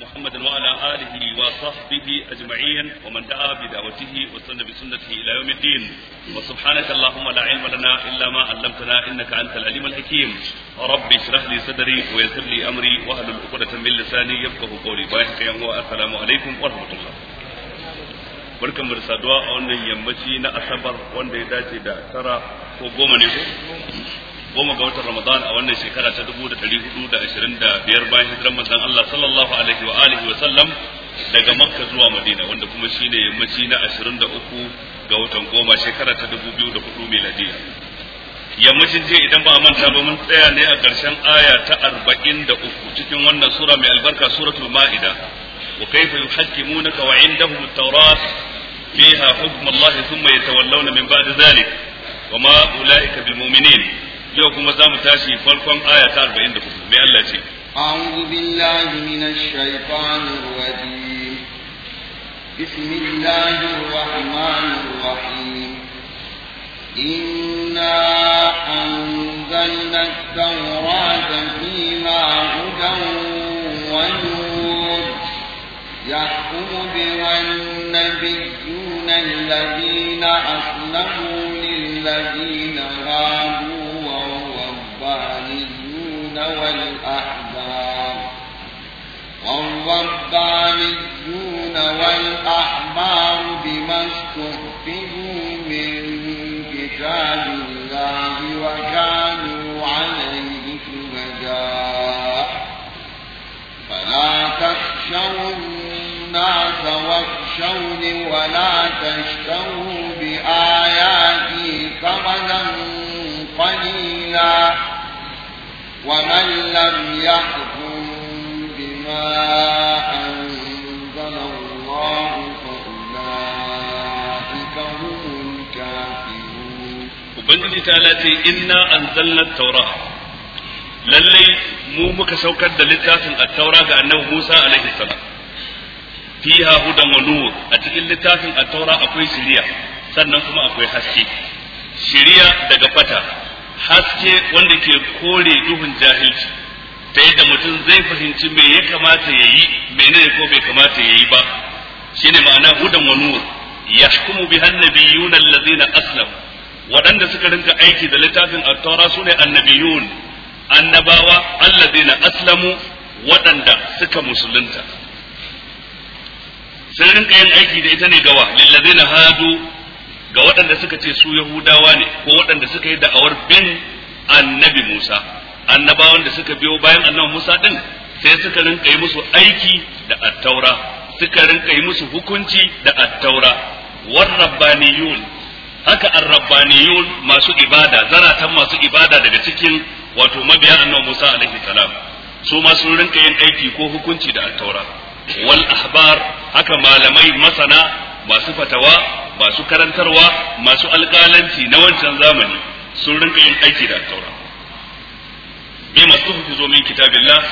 محمد وعلى آله وصحبه أجمعين ومن دعا بدعوته وسن بسنته إلى يوم الدين وسبحانك اللهم لا علم لنا إلا ما علمتنا إنك أنت العليم الحكيم رب اشرح لي صدري ويسر لي أمري واحلل عقدة من لساني يفقه قولي بايحك يا السلام عليكم ورحمة الله barkan da saduwa a wannan yammaci na asabar wanda ya dace da tara ko goma ne ko goma ga watan Ramadan a wannan shekara ta dubu da da da hudu ashirin biyar bayan hijiran manzon Allah sallallahu alaihi wa alihi wa sallam daga Makka zuwa Madina wanda kuma shine yammaci na ashirin da uku ga watan goma shekara ta dubu biyu da 2004 miladiya yammacin jiya idan ba a manta ba mun tsaya ne a ƙarshen aya ta arba'in da uku cikin wannan sura mai albarka suratul ma'ida wa kayfa yuhakkimunaka wa indahum at-taurat fiha hukmu Allah thumma yatawallawna min ba'di dhalik وما أولئك بالمؤمنين yau kuma za mu tashi farkon aya ta kuma mai Allah ce أعوذ بالله من الشيطان الرجيم بسم الله الرحمن الرحيم إنا أنزلنا التوراة فيما هدى ونور يحكم بها النبيون الذين أسلموا للذين هادوا والأحبار والربانيون والأحبار بما استحفظوا من كتاب الله وكانوا عليه شهداء فلا تخشوا الناس واخشوني ولا تشتروا بآياتي ثمنا قليلا ومن لم يحكم بما أنزل الله فأولئك هم الكافرون وبنجي تالتي إنا أنزلنا التوراة للي مو مك سوك التوراة كأنه موسى عليه السلام فيها هدى ونور أتي اللي التوراة أكوي سريع سنة kuma akwai haske shirya daga haske wanda ke kore duhun jahilci ta yadda mutum zai fahimci me ya kamata ya yi menene ko bai kamata ya yi ba shine ma'ana hudan wa nur bi bihan nabiyyun allazina aslam waɗanda suka rinka aiki da littafin su ne sune annabiyun annabawa allazina aslamu waɗanda suka musulunta sun rinka yin aiki da ita ne gawa lillazina hadu ga waɗanda suka ce su yahudawa ne ko waɗanda suka yi da'awar bin annabi musa annabawan da suka biyo bayan annabi musa din sai suka rinka yi musu aiki da attaura suka rinka yi musu hukunci da attaura war rabbaniyun haka ar-rabbaniyun masu ibada zaratan masu ibada daga cikin wato mabiya annabi musa alaihi salam su ma sun rinka yin aiki ko hukunci da attaura wal ahbar haka malamai masana masu fatawa masu karantarwa masu alƙalanci na wancan zamani sun rinka yin aiki da saura. bi masu zo min kitabillah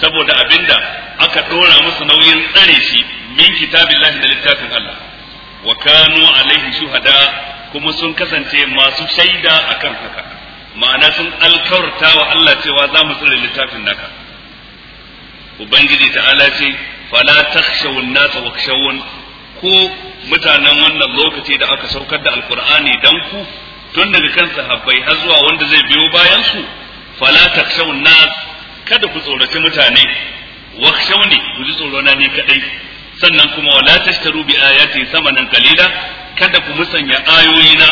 saboda abinda aka dora musu nauyin tsare shi min kitabillah da littafin Allah wa kanu alaihi shuhada kuma sun kasance masu shaida akan haka ma'ana sun alkawarta wa Allah cewa za mu tsare littafin naka ubangiji ta'ala ce fala takhshawun nasa wakshawun ko mutanen wannan lokaci da aka saukar da alkur'ani dan ku tun daga kan sahabbai har zuwa wanda zai biyo bayan su fala takshaw nas kada ku tsoraci mutane wakshawni ku ji tsoro na kadai sannan kuma wala tashtaru bi ayati samanan qalila kada ku musanya na,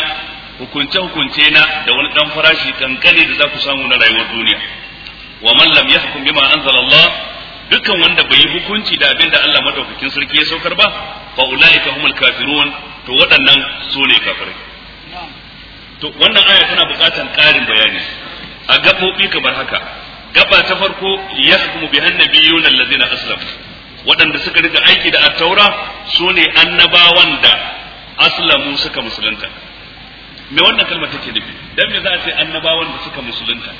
hukunce hukunce na da wani dan farashi kankani da za ku samu na rayuwar duniya wa man lam yahkum bima anzala Allah dukkan wanda bai yi hukunci da abin da Allah madaukakin sarki ya saukar ba fa ulaika humul kafirun to waɗannan su ne kafirai to wannan aya tana buƙatar ƙarin bayani a gaɓoɓi kamar haka gaba ta farko ya hukumu bi annabiyun allazina aslam waɗanda suka rika aiki da attaura su ne annabawan da aslamu suka musulunta me wannan kalmar take nufi dan me za a ce annabawan da suka musulunta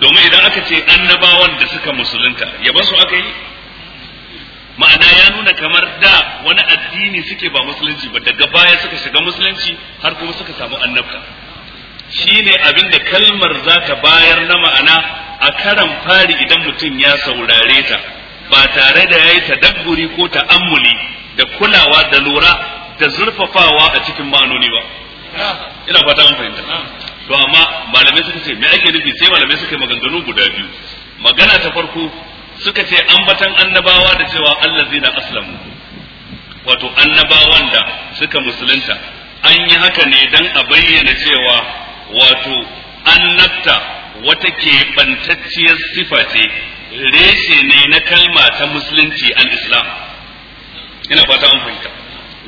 domin idan aka ce annabawan da suka musulunta yaban su aka yi ma'ana ya nuna kamar da wani addini suke ba musulunci ba daga baya suka shiga musulunci har kuma suka samu annabta shine abin da kalmar za ta bayar na ma'ana a karan fari idan mutum ya saurare ta ba tare da ya yi tadabburi ko ta'ammuli da kulawa da lura da zurfafawa a cikin ma'anoni ba ina fata an fahimta to amma malamai suka ce me ake nufi sai malamai suka maganganu guda biyu magana ta farko suka ce ambatan annabawa da cewa Allah zai da aslamu wato annabawan da suka musulunta an yi haka ne dan a bayyana cewa wato annabta wata keɓantacciyar sifa ce reshe ne na kalma ta musulunci al-islam ina fata an fahimta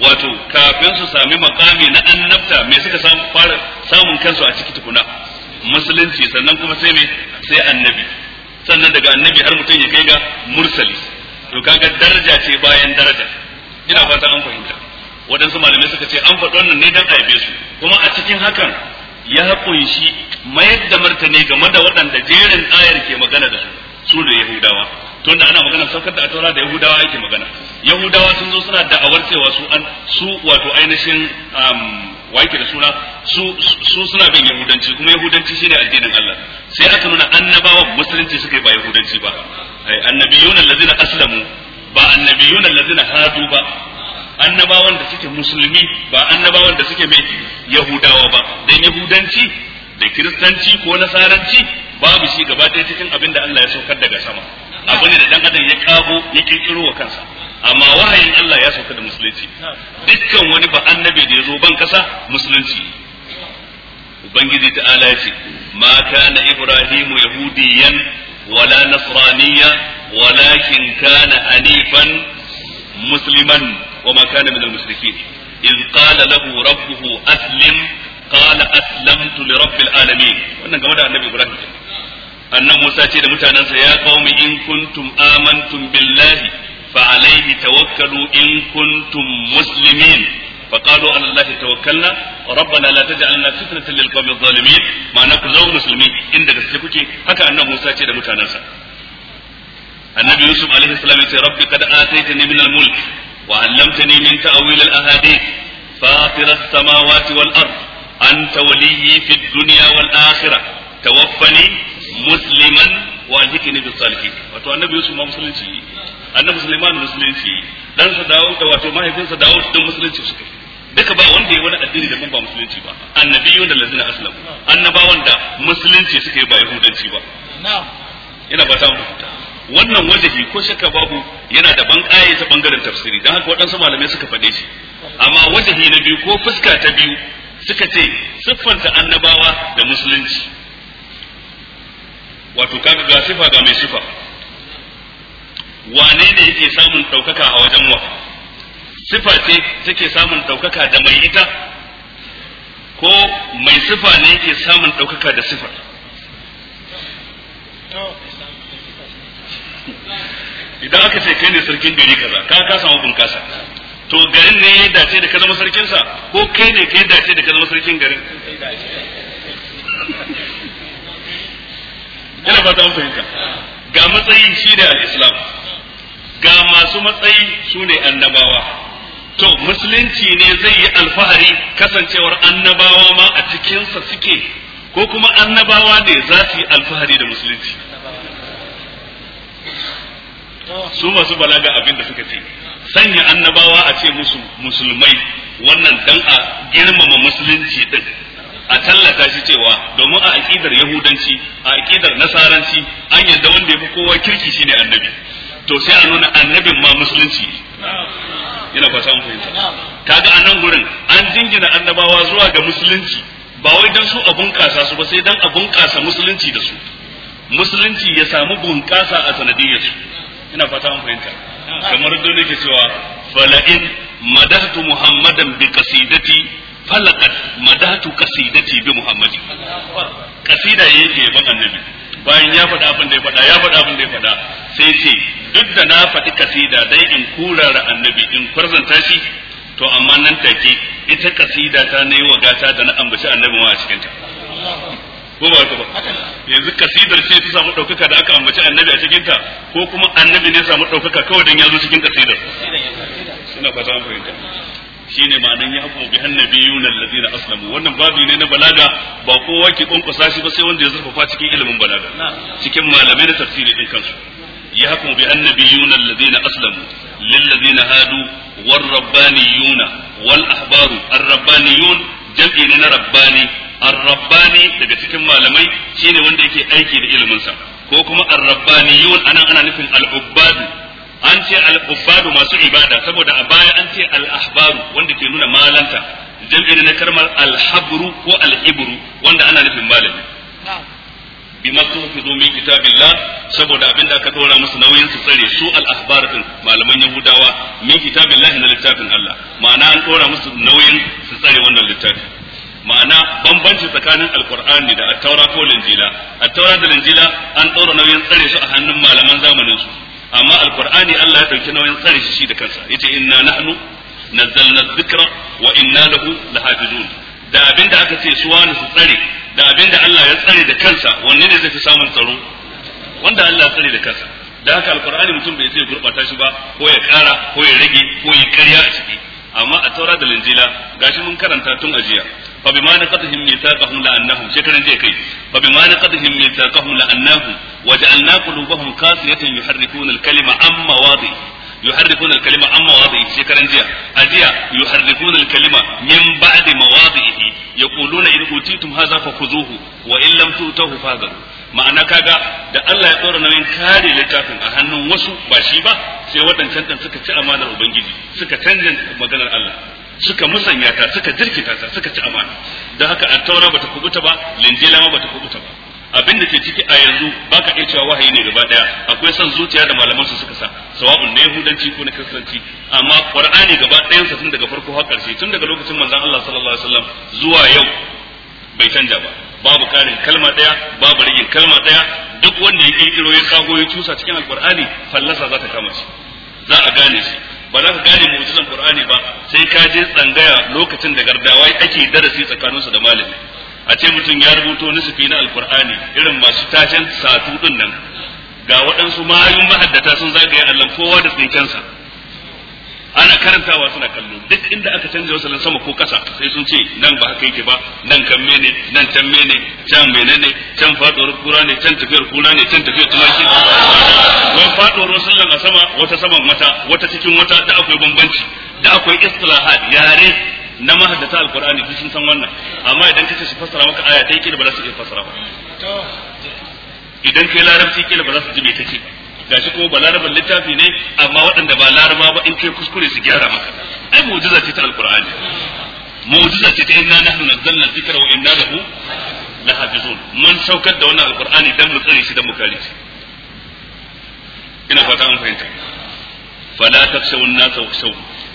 wato kafin su sami makami na annabta me suka fara samun kansu a ciki tukuna musulunci sannan kuma sai me sai annabi sannan daga annabi har mutum ya kai ga mursali to kaga daraja ce bayan daraja ina fata an fahimta waɗansu malamai suka ce an faɗi nan ne dan aibe su kuma a cikin hakan ya kunshi mayar da martani game da waɗanda jerin ayar ke magana da su da yahudawa to da ana magana saukar da ataura da yahudawa yake magana yahudawa sun zo suna da'awar cewa su an su wato ainihin um, wa yake da suna su su suna bin yahudanci kuma yahudanci shine addinin Allah sai aka nuna annabawa musulunci suka yi ba yahudanci ba ai annabiyuna allazina aslamu ba annabiyuna allazina hadu ba annabawan da suke musulmi ba annabawan da suke mai yahudawa ba dan yahudanci da kiristanci ko nasaranci babu shi gaba ɗaya cikin abin da Allah ya saukar daga sama abu ne da dan adam ya kago ya kirkiro wa kansa amma wahayin Allah ya sauka da musulunci dukkan wani ba annabi da ya zo ban kasa musulunci ubangiji ta'ala ya ce ma kana ibrahimu yahudiyan wala nasraniya walakin kana hanifan musliman wa ma kana min al-mushrikin إذ قال له ربه أسلم قال أسلمت لرب العالمين wannan game da annabi Ibrahim annan Musa ce da mutanensa ya qaumi in kuntum amantum billahi فعليه توكلوا إن كنتم مسلمين فقالوا على الله توكلنا ربنا لا تجعلنا فتنة للقوم الظالمين ما نكون لو مسلمين إن دكتكوكي حكى أن موسى تيدا متانسا النبي يوسف عليه السلام يقول ربي قد آتيتني من الملك وعلمتني من تأويل الأحاديث فاطر السماوات والأرض أنت ولي في الدنيا والآخرة توفني مسلما والهكني بالصالحين وتو النبي يوسف ما مسلم annabi Sulaiman musulunci dan sa dawo da wato mahaifinsa dawo din musulunci suka duka ba wanda ya wani addini da ba musulunci ba annabiyun da lazina aslam annabawan da musulunci suka yi ba yahudanci ba yana ba ta mutunta wannan wajahi ko shakka babu yana da ban ta bangaren tafsiri dan haka wadansu malamai suka faɗe shi amma wajahi na biyu ko fuska ta biyu suka ce siffanta annabawa da musulunci wato kaga ga sifa ga mai sifa wane ne yake samun ɗaukaka a wajen wa sifa ce take samun ɗaukaka da mai ita ko mai sifa ne yake samun ɗaukaka da sifa idan aka ce kai ne sarkin gari kaza ka ka samu bunkasa to garin ne ya dace da ka zama sarkin sa ko kai ne ka dace da ka zama sarkin garin ina fata mun fahimta ga matsayin shi da al-islam ga masu matsayi su ne annabawa to musulunci ne zai yi alfahari kasancewar annabawa ma a cikinsa suke ko kuma annabawa ne za su yi alfahari da musulunci su masu balaga abin da suka ce sanya annabawa a ce musu musulmai wannan dan a girmama musulunci din a tallata shi cewa domin a aƙidar yahudanci a aƙidar nasaranci an yadda wanda ya fi kowa kirki shine annabi to sai a nuna annabin ma musulunci ina fata mun fahimta kaga a nan gurin an jingina annabawa zuwa ga musulunci ba wai dan su abun kasa su ba sai dan abun kasa musulunci da su musulunci ya samu bunƙasa a sanadiyar su ina fata mun fahimta kamar dole ke cewa fala'in madahtu muhammadan bi qasidati falaqat madahtu qasidati bi muhammadin kasida yake ban annabi bayan ya faɗa abin da ya faɗa ya faɗa abin da ya faɗa sai ce duk da na faɗi kasida dai in kurara annabi in kwarzanta shi to amma nan take ita kasida ta ne wa gata da na ambaci annabi ma a cikin ta ko ba ba yanzu kasidar ce ta samu ɗaukaka da aka ambaci annabi a cikin ta ko kuma annabi ne samu ɗaukaka kawai dan ya zo cikin kasidar ina fata an fahimta shine ma'anan ya hafu bi annabiyun Ladina aslamu wannan babi ne na balaga ba kowa ke kunkusa shi ba sai wanda ya zurfafa cikin ilimin balaga cikin malamai na tafsiri din kansu ya hafu bi annabiyun Ladina aslamu lillazina hadu war rabbaniyuna wal ahbaru ar rabbaniyun jam'i ne na rabbani ar rabbani daga cikin malamai shine wanda yake aiki da ilimin sa ko kuma ar rabbaniyun anan ana nufin al ubbadu an ce al-ubbadu masu ibada saboda a baya an ce al-ahbaru wanda ke nuna malanta jam'i na kalmar al-habru ko al-ibru wanda ana nufin malami bima sun fi min kitabillah saboda abinda aka dora musu nauyin su tsare su al-ahbar din malaman yahudawa min kitabillah na littafin Allah ma'ana an dora musu nauyin su tsare wannan littafi ma'ana bambanci tsakanin alkur'ani da attaura ko linjila attaura da linjila an ɗora nauyin tsare su a hannun malaman amma alqur'ani Allah ya dauki nauyin tsare shi da kansa yace inna nahnu nazzalna dhikra wa inna lahu lahafizun da abinda aka ce su wani su tsare da abinda Allah ya tsare da kansa wanne ne zai fi samun tsaro wanda Allah ya tsare da kansa da haka alqur'ani mutum bai sai gurbata shi ba ko ya kara ko ya rage ko ya karya a ciki amma a taura da linjila gashi mun karanta tun ajiya fa bima naqatihim mithaqahum la annahum shekaran je kai fa bima naqatihim mithaqahum la annahum وجعلنا قلوبهم قاسية يحرفون الكلمة عن مواضعه يحرفون الكلمة عن مواضعه شكرا جيا أجيا يحرفون الكلمة من بعد مواضعه يقولون إن أوتيتم هذا فخذوه وإن لم تؤتوه فاذروا ma'ana kaga da Allah ya tsora nauyin kare littafin a hannun wasu ba shi ba sai waɗancan ɗan suka ci amanar Ubangiji suka canza maganar Allah suka musanya ta suka jirkita ta suka ci amana Da haka taura bata kubuta ba linjila ma bata kubuta ba abin da ke ciki a yanzu baka iya cewa wahayi ne gaba daya akwai son zuciya da malaman su suka sa sawabun na yahudanci ko na kristanci amma qur'ani gaba ɗayan tun daga farko har karshe tun daga lokacin manzon Allah sallallahu alaihi wasallam zuwa yau bai canja ba babu karin kalma daya babu rigin kalma daya duk wanda ya kirkiro ya kago ya cusa cikin alqur'ani fallasa za ta kama shi za a gane shi ba za ka gane mu'jizan qur'ani ba sai ka je tsangaya lokacin da gardawai ake darasi tsakaninsu da malami a ce mutum ya rubuto nisfi na alkur'ani irin masu tashen satu din nan ga waɗansu mayun mahaddata sun zagaye allon kowa da tsinkensa ana karantawa suna kallo duk inda aka canza wasalin sama ko kasa sai sun ce nan ba haka yake ba nan kan mene nan can mene can ne can faɗuwar kura ne can tafiyar kura ne can tafiyar tumaki wai wasu wasalin a sama wata saman wata wata cikin wata da akwai bambanci da akwai istilahat yare na mahaddata alqur'ani duk sun san wannan amma idan kace su fassara maka aya dai kila ba za su iya fassara ba idan kai larabci kila ba za su ji me take gashi kuma ba larabar littafi ne amma waɗanda ba laraba ba in kai kuskure su gyara maka ai mu'jiza ce ta alqur'ani mu'jiza ce ta inna nahnu nazzalna dhikra wa inna lahu lahafizun mun saukar da wannan alqur'ani dan mu tsare shi dan mu kare shi ina fata an fahimta fala takshawun nasa wakshawu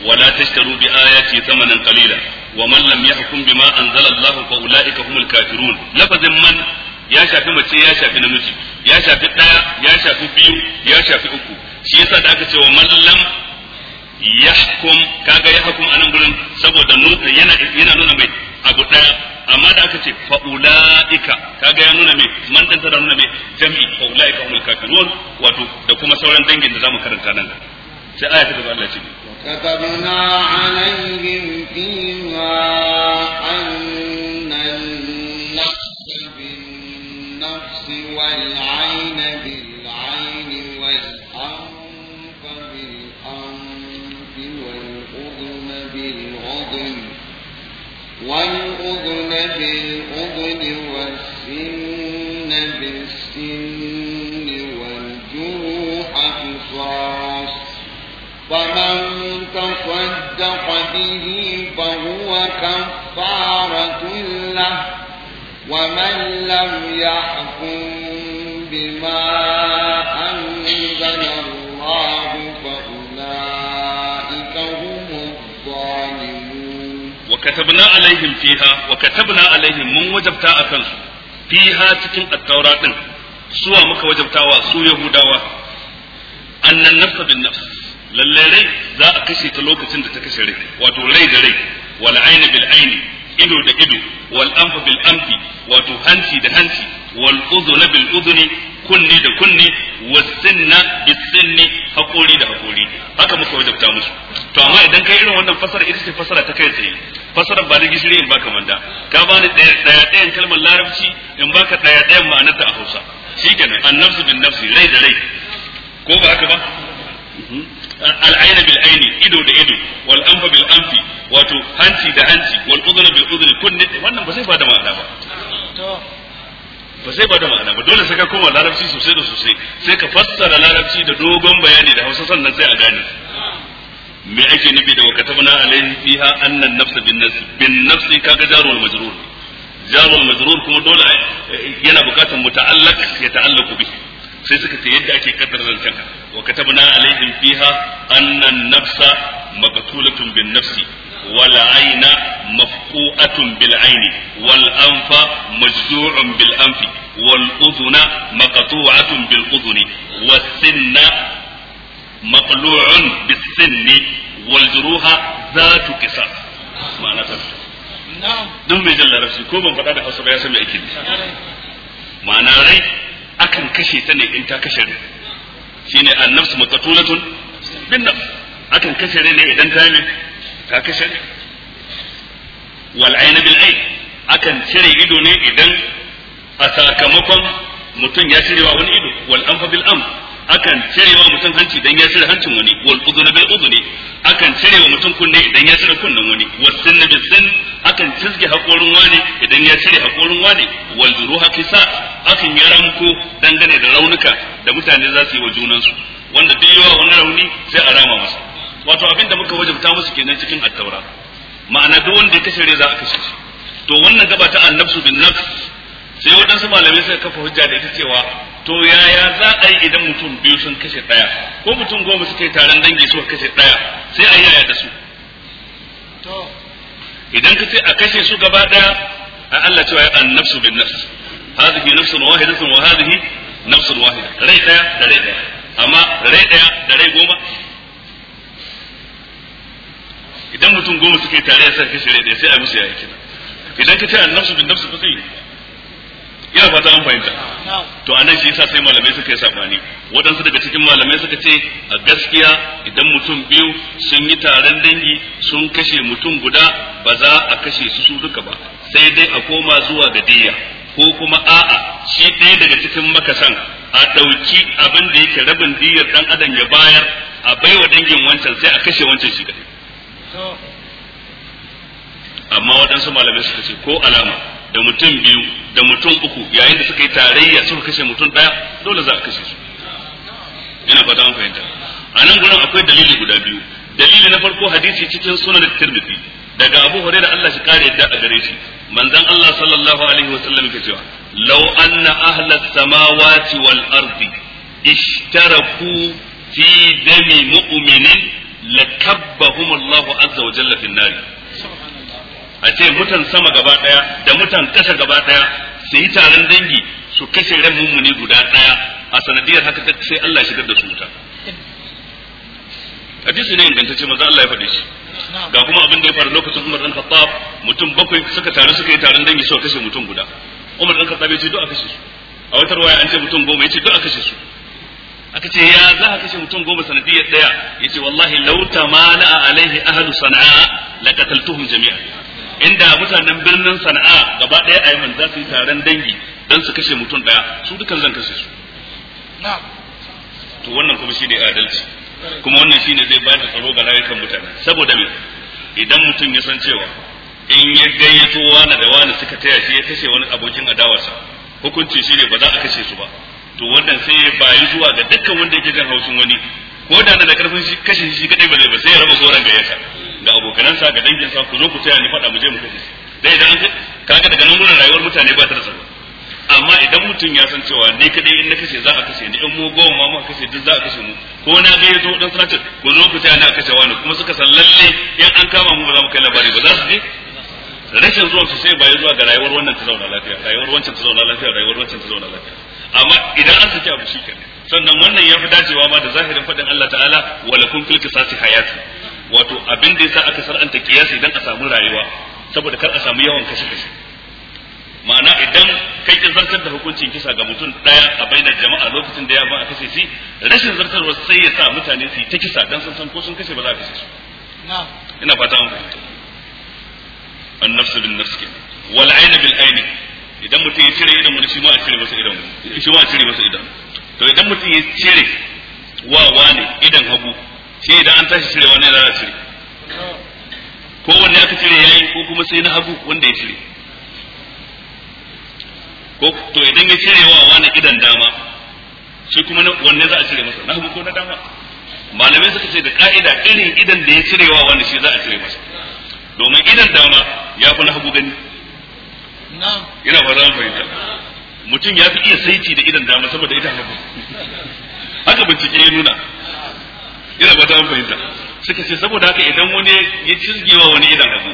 ولا تشتروا بآياتي ثمنا قليلا ومن لم يحكم بما أنزل الله فأولئك هم الكافرون لفظ من ya shafi mace ya shafi namiji ya shafi ɗaya ya shafi biyu ya shafi uku shi yasa da aka ce wa mallam yahkum kaga yahkum anan gurin saboda yana yana nuna mai abu ɗaya amma da aka ce fa ulaika kaga ya nuna mai man dan tara nuna mai jami'i fa ulaika humul kafirun wato da kuma sauran dangin da zamu karanta nan sai aya ta gaba Allah كتبنا عليهم فيها أن النفس بالنفس والعين بالعين والأنف بالأنف والأذن بالأذن والأذن بالأذن والسن بالسن والجروح قصاص فمن تصدق به فهو كفارة له ومن لم يحكم بما أنزل الله فأولئك هم الظالمون وكتبنا عليهم فيها وكتبنا عليهم من وجبتا أكنسو فيها تكن التوراة سوى مك وجبتاوا سوى يهوداوا أن النفس بالنفس lallai rai za a kashe ta lokacin da ta kashe rai wato rai da rai wal aini bil aini ido da ido wal anfa bil anfi wato hanci da hanci wal udhuna bil udhuni kunni da kunni wasinna bis sinni hakori da hakori haka muka wajabta musu to amma idan kai irin wannan fasara ita ce fasara ta kai tsaye fasarar ba da gishiri in baka manda ka bani daya dayan kalmar larabci in baka daya dayan ma'anar ta a Hausa shikenan annafsu bin nafsi rai da rai ko ba haka ba mhm. al'aina bil aini ido da ido wal anfa bil anfi wato hanci da hanci wal udhna bil udhni kunne wannan ba sai ba da ma'ana ba ba sai ba da ma'ana ba dole sai ka koma larabci sosai da sosai sai ka fassara larabci da dogon bayani da Hausa sannan sai a gane me ake nufi da wakatabna alaihi fiha annan nafsa bin nafsi bin nafsi kaga jarul majrur jarul majrur kuma dole yana bukatan muta'allaq ya ta'allaku bihi sai suka ce yadda ake kaddara zancen wa katabna alaihim fiha anna nafsa maqtulatun bin nafsi wal ayna mafqu'atun bil ayni wal anfa majzu'un bil anfi wal udhuna maqtu'atun bil udhuni was sinna maqlu'un bis sinni wal juruha zatu qisas ma'ana ta dun mai jallarasi ko ban faɗa da hausa ba ya san me ake ma'ana rai akan kashe ta ne in ta kashe ne shine annafsu maqtulatun bin nafs akan kashe rai ne idan ta ne ta kashe rai wal ayn bil ayn akan cire ido ne idan a sakamakon mutum ya cire wa wani ido wal anfa bil anf akan cirewa mutum hanci idan ya cire hancin wani wal udhun bil udhuni akan cirewa mutum kunne idan ya cire kunnen wani wal sinna bil sin akan cizge hakorin wani idan ya cire hakorin wani wal juruha kisa akan yi dangane da raunuka da mutane za su yi wa junansu wanda duk yawa wani rauni sai a rama masa wato abin da muka wajabta musu kenan cikin attaura ma'ana duk wanda ya kashe za a kashe shi to wannan gaba ta annabsu bin nafs sai waɗansu malamai suka kafa hujja da ita cewa to yaya za a yi idan mutum biyu sun kashe ɗaya ko mutum goma suke taron dangi suka kashe ɗaya sai a yaya da su to idan ka ce a kashe su gaba ɗaya a Allah cewa an nafsu bin nafs hadhihi nafsun wahidatun wa hadhihi nafsun wahida rai ɗaya da rai ɗaya amma rai ɗaya da rai goma idan mutum goma suke yi tare sai kashe rai ɗaya sai a musu yaya kina idan ka ce an nafsu bin nafs ba sai. ya fata an fahimta to anan shi yasa sai malamai suka yi sabani waɗansu daga cikin malamai suka ce a gaskiya idan mutum biyu sun yi taron dangi sun kashe mutum guda ba za a kashe su su duka ba sai dai a koma zuwa ga diyya ko kuma a'a shi ɗaya daga cikin makasan a ɗauki abin da yake rabin diyar ɗan adam ya bayar a baiwa dangin wancan sai a kashe wancan shi amma waɗansu malamai suka ce ko alama da mutum biyu da mutum uku yayin da suka yi tarayya suka kashe mutum daya dole za a kashe su ina fata an fahimta a nan gurin akwai dalili guda biyu dalili na farko hadisi cikin sunan tirmidhi daga abu hurairah Allah shi kare yadda a gare shi manzon Allah sallallahu alaihi wasallam ke cewa law anna ahla samawati wal ardi ishtaraku fi dami mu'minin lakabbahum Allah azza wa jalla fi an-nar a ce mutan sama gaba daya da mutan kasa gaba daya su yi taron dangi su kashe ran mummuni guda daya a sanadiyar haka sai Allah ya shigar da su wuta hadisi ne ingantacce maza Allah ya faɗe shi ga kuma abin da ya faru lokacin Umar dan Khattab mutum bakwai suka taru suka yi taron dangi su kashe mutum guda Umar dan Khattab ya ce duk a kashe su a wata ruwaya an ce mutum goma ya ce duk a kashe su aka ce ya za a kashe mutum goma sanadiyar daya ya ce wallahi lau a alaihi ahlu sana'a la qataltuhum jami'a inda mutanen birnin sana'a gaba ɗaya a yi yaman za su yi taron dangi don su kashe mutum ɗaya su dukan zan kashe su to wannan kuma shi ne adalci kuma wannan shi ne zai ba da tsaro ga rayukan mutane saboda me idan mutum ya san cewa in ya gayyato wani da wani suka taya shi ya kashe wani abokin adawarsa hukunci shi ne ba za a kashe su ba to wannan sai ya bayi zuwa ga dukkan wanda yake jan haushin wani ko da na da karfin kashe shi kadai ba zai ba sai ya raba goran gayyata ga abokanansa ga danginsa ku zo ku tsaya ni faɗa mu je mu kashe dai idan kaga daga nan gurin rayuwar mutane ba ta da tsaro amma idan mutum ya san cewa ni kadai in na kashe za a kashe ni in mu gowa ma muka kashe duk za a kashe mu ko na ga yazo dan sace ku zo ku tsaya na kashe wani kuma suka san lalle in an kama mu ba za mu kai labari ba za su je rashin zuwa su sai ya zuwa ga rayuwar wannan ta zauna lafiya rayuwar wancan ta zauna lafiya rayuwar wancan ta zauna lafiya amma idan an saki abu kenan sannan wannan ya fi dacewa ma da zahirin faɗin Allah ta'ala walakum fil qisasi hayatun wato abin da yasa aka sar'anta kiyasi dan a samu rayuwa saboda kar a samu yawan kashe kashe ma'ana idan kai ki zartar da hukuncin kisa ga mutum daya a bainar jama'a lokacin da ya ba a kashe shi rashin zartarwa sai ya sa mutane su yi ta kisa dan sun san ko sun kashe ba za a kashe su ina fata an fahimta an nafsu bin nafsi ke wal aina bil aini idan mutum ya cire idan wani shi ma a cire masa idan shi ma a cire masa idan to idan mutum ya cire wa wane idan hagu shi idan an tashi cire wani za a cire ko wanne aka cire ya yi ko kuma sai na hagu wanda ya cire ko to idan ya cire wa wani idan dama shi kuma wanne za a cire masa na hagu ko na dama malamai suka ce da ka'ida irin idan da ya cire wa wani shi za a cire masa domin idan dama ya fi na hagu gani ina ba za mu fahimta mutum ya fi iya saiti da idan dama saboda ita hagu haka bincike ya nuna ina ba ta fahimta suka ce saboda haka idan wani ya cirgewa wani idan hagu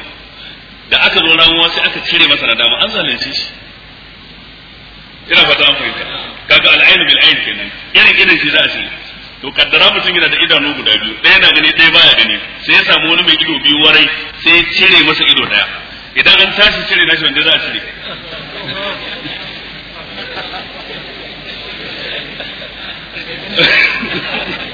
da aka zo ramuwa sai aka cire masa na dama an zalunce shi ina ba ta an fahimta kaga al'ainu bil ain kenan irin irin shi za a ce to kaddara mutum yana da idanu guda biyu ɗaya na gani ɗaya baya gani sai ya samu wani mai ido biyu warai sai ya cire masa ido ɗaya idan an tashi cire nashi wanda za a cire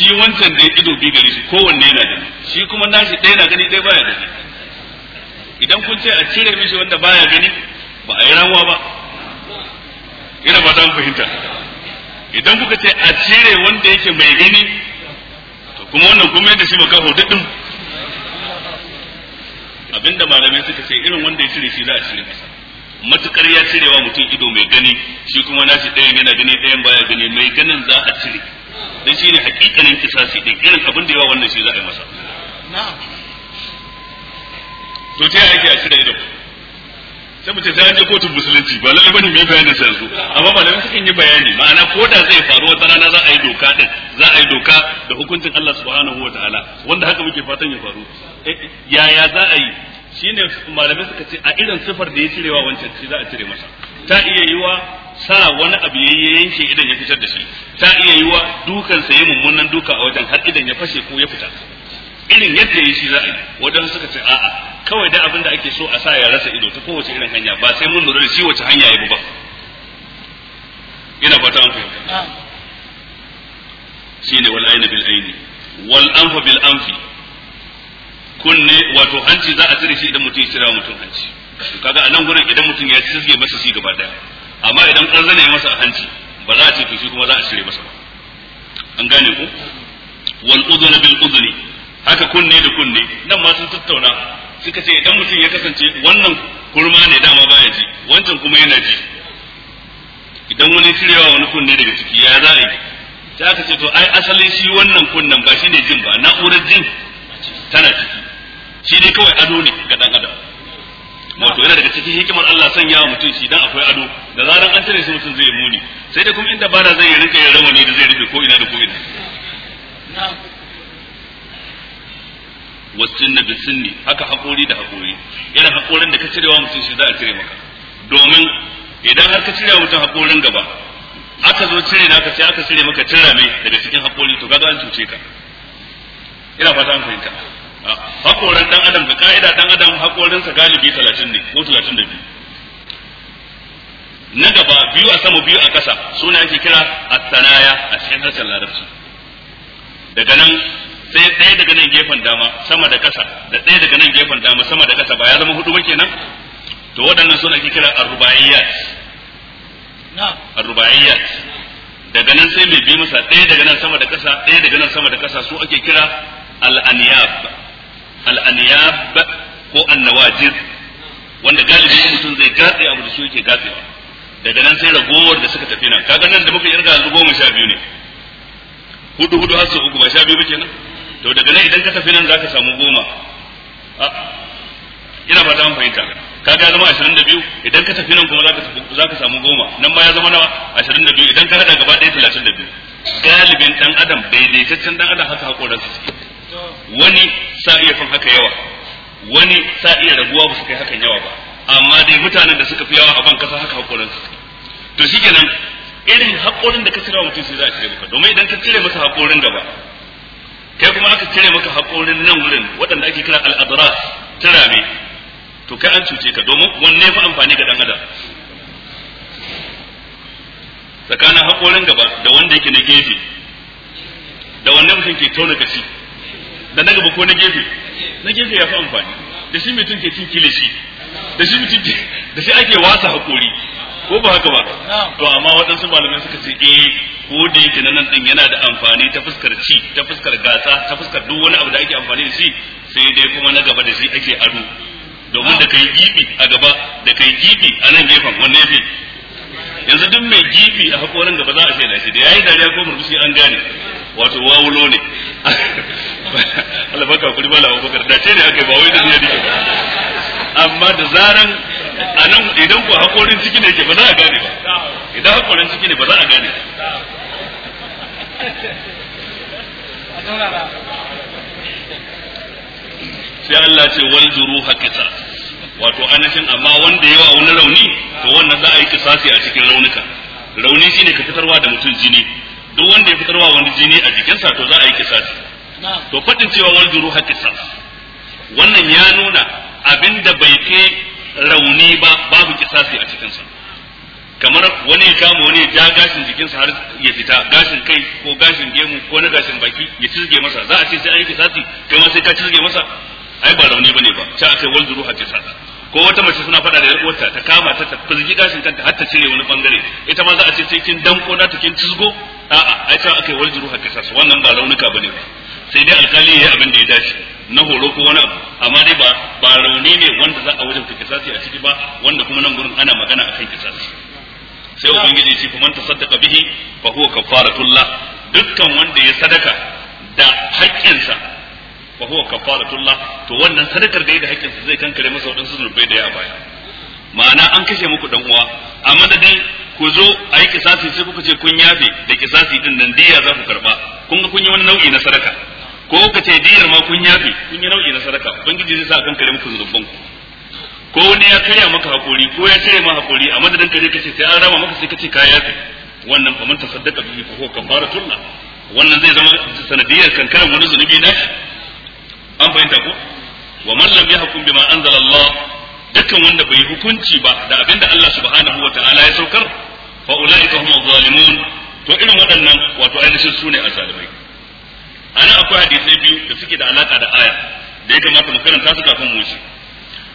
shi wancan da ya ido bi gare shi kowanne yana gani shi kuma nashi ɗaya na gani ɗaya baya gani idan kun ce a cire mishi wanda baya gani ba a yi ramuwa ba ina ba dan fahimta idan kuka ce a cire wanda yake mai gani to kuma wannan kuma yadda shi makaho daɗin abinda malamai suka ce irin wanda ya cire shi za a cire masa matukar ya cirewa mutum ido mai gani shi kuma nashi ɗayan yana gani ɗayan baya gani mai ganin za a cire dan shine hakikanin kisasi din irin abin da yawa wannan shi za a yi masa to ta yake a cire ido sai mu ce sai an je kotun musulunci ba lalle bane mai bayanin sai yanzu amma ba lalle yi bayani ma'ana ko da zai faru wata rana za a yi doka din za a yi doka da hukuncin Allah subhanahu wataala wanda haka muke fatan ya faru eh, yaya za a yi shine malamai suka ce a irin sifar da ya cirewa wancan shi za a cire masa ta iya yiwa sa wani abu ya yanke idan ya fitar da shi ta iya yiwa dukan sa mummunan duka a wajen har idan ya fashe ko ya fita irin yadda ya shi za a yi wajen suka ce a'a kawai da abin da ake so a sa ya rasa ido ta kowace irin hanya ba sai mun lura da shi wace hanya ya bi ba ina fata an fahimta ne wal aini bil aini wal anfa bil anfi kunne wato hanci za a cire shi idan mutum ya cire mutum hanci kaga a nan gurin idan mutum ya ya masa shi gaba daya amma idan an zane masa a hanci ba za a ce to shi kuma za a cire masa ba an gane ku wal udhun bil udhun haka kunne da kunne nan ma sun tattauna suka ce idan mutum ya kasance wannan kurma ne dama baya ji wancan kuma yana ji idan wani cirewa wani kunne daga ciki ya za a yi ta aka ce to ai asalin shi wannan kunnen ba shi shine jin ba na'urar jin tana ciki shi ne kawai ado ne ga dan adam wato yana daga cikin hikimar Allah sanya wa mutum shi dan akwai ado da zaran an tare shi mutum zai muni sai dai kuma inda ba da zai rinka yin rawani da zai rufe ko ina da ko ina wasin da bisinni haka hakori da hakori irin hakorin da ka cirewa mutum shi za a cire maka domin idan har ka cirewa mutum hakorin gaba aka zo cire naka sai aka cire maka cin rame daga cikin hakori to kaga an cuce ka ina fata an fahimta hakoran dan adam ga ka'ida dan adam sa galibi 30 ne ko 32 na gaba biyu a sama biyu a kasa suna yake kira at-tanaya a cikin harshen larabci daga nan sai ɗaya daga nan gefen dama sama da kasa da ɗaya daga nan gefen dama sama da kasa ba ya zama hudu ba kenan to waɗannan suna ake kira arrubaiyat arrubaiyat daga nan sai mai bi masa ɗaya daga nan sama da kasa ɗaya daga nan sama da kasa su ake kira al-aniyab al ko an wanda galibi mutum zai gatse abu da su yake gatsewa daga nan sai ragowar da suka tafi nan kaga nan da muka irga yanzu goma sha biyu ne hudu hudu har uku ba sha biyu ba kenan to daga nan idan ka tafi nan zaka samu goma ina fata an fahimta kaga ya zama biyu idan ka tafi nan kuma zaka ka samu goma nan ma ya zama nawa ashirin da biyu idan ka hada gaba ɗaya biyu galibin dan adam daidaitaccen dan adam haka hakoran su suke wani sa iya fin haka yawa wani sa iya raguwa ba su kai hakan yawa ba amma dai mutanen da suka fi yawa a ban kasa haka su to shikenan irin hakurin da ka cire mutum sai za a cire maka domin idan ka cire masa hakorin gaba kai kuma aka cire maka hakurin nan wurin waɗanda ake kira al'adras ne to kai an cuce ka domin wanne fa amfani ga dan adam tsakanin hakorin gaba da wanda yake na gefe da wannan mutum ke tona kashi da na gaba ko na gefe na gefe ya fi amfani da shi mutum ke cin kilishi da shi mutum da shi ake wasa hakori ko ba haka ba to amma waɗansu malamai suka ce eh ko da yake nan din yana da amfani ta fuskar ci ta fuskar gasa ta fuskar duk wani abu da ake amfani da shi sai dai kuma na gaba da shi ake ado domin da kai gibi a gaba da kai gibi a nan gefen wanne yafi yanzu duk mai gibi a hakorin gaba za a shaida shi da yayi dariya ko murmushi an gane wato wawulo ne Allah kuri kuri mala bakar da ce ne aka ba wai da ne amma da zaran anan idan ku hakorin ciki ne ke ba za a gane ba idan hakorin ciki ne ba za a gane sai Allah ce wal duru hakita. wato anashin amma wanda yawa wani rauni to wannan za a yi kisasi a cikin raunuka rauni shine ka fitarwa da mutum jini duk wanda ya wa wani jini a jikinsa to za a yi kisasi to faɗin cewa wal juruha sa. wannan ya nuna abinda bai kai rauni ba babu kisasi a cikinsa kamar wani ya kama wani ya ja gashin jikinsa har ya fita gashin kai ko gashin gemu ko na gashin baki ya cizge masa za a ce sai an yi kisasi kai ma sai ka cizge masa ai ba rauni bane ba sai aka wal juruha sa. ko wata mace suna faɗa da yar uwarta ta kama ta ta fizgi gashin kanta har ta cire wani bangare ita ma za a ce sai kin danko na ta kin cizgo a'a ai aka akai wal juruha kisas wannan ba raunuka bane ba sai dai alkali yayi abin da ya dace na horo ko wani abu amma dai ba ba rauni ne wanda za a wajen ka kisasi a ciki ba wanda kuma nan gurin ana magana akan kisasi sai ubangiji shi kuma ta saddaka bihi fa huwa kafaratullah dukkan wanda ya sadaka da haƙƙinsa fa huwa kafaratullah to wannan sadakar da yi da haƙƙinsa zai kankare masa wadansu zunubai da ya baya ma'ana an kashe muku dan uwa a madadin ku zo a yi kisasi sai kuka ce kun yafe da kisasi din nan diya za ku karba kun ga kun yi wani nau'i na sadaka ko kuka ce diyar ma kun yafe kun yi nau'i na sadaka ubangiji zai sa kan kare muku zubban ku ko wani ya karya maka hakuri ko ya cire maka hakuri a madadin kare ce sai an rama maka sai ka ce ka yafe wannan fa man tasaddaqa bihi fa huwa kafaratun la wannan zai zama sanadiyar kankaran wani zunubi na an fahimta ko wa man lam yahkum bima anzala Allah dukkan wanda bai hukunci ba da abinda Allah subhanahu wa ta'ala ya saukar fa ka hum zalimun to irin waɗannan wato ainihin su ne ana akwai hadisai biyu da suke da alaka da aya da ya kamata mu karanta su kafin mu shi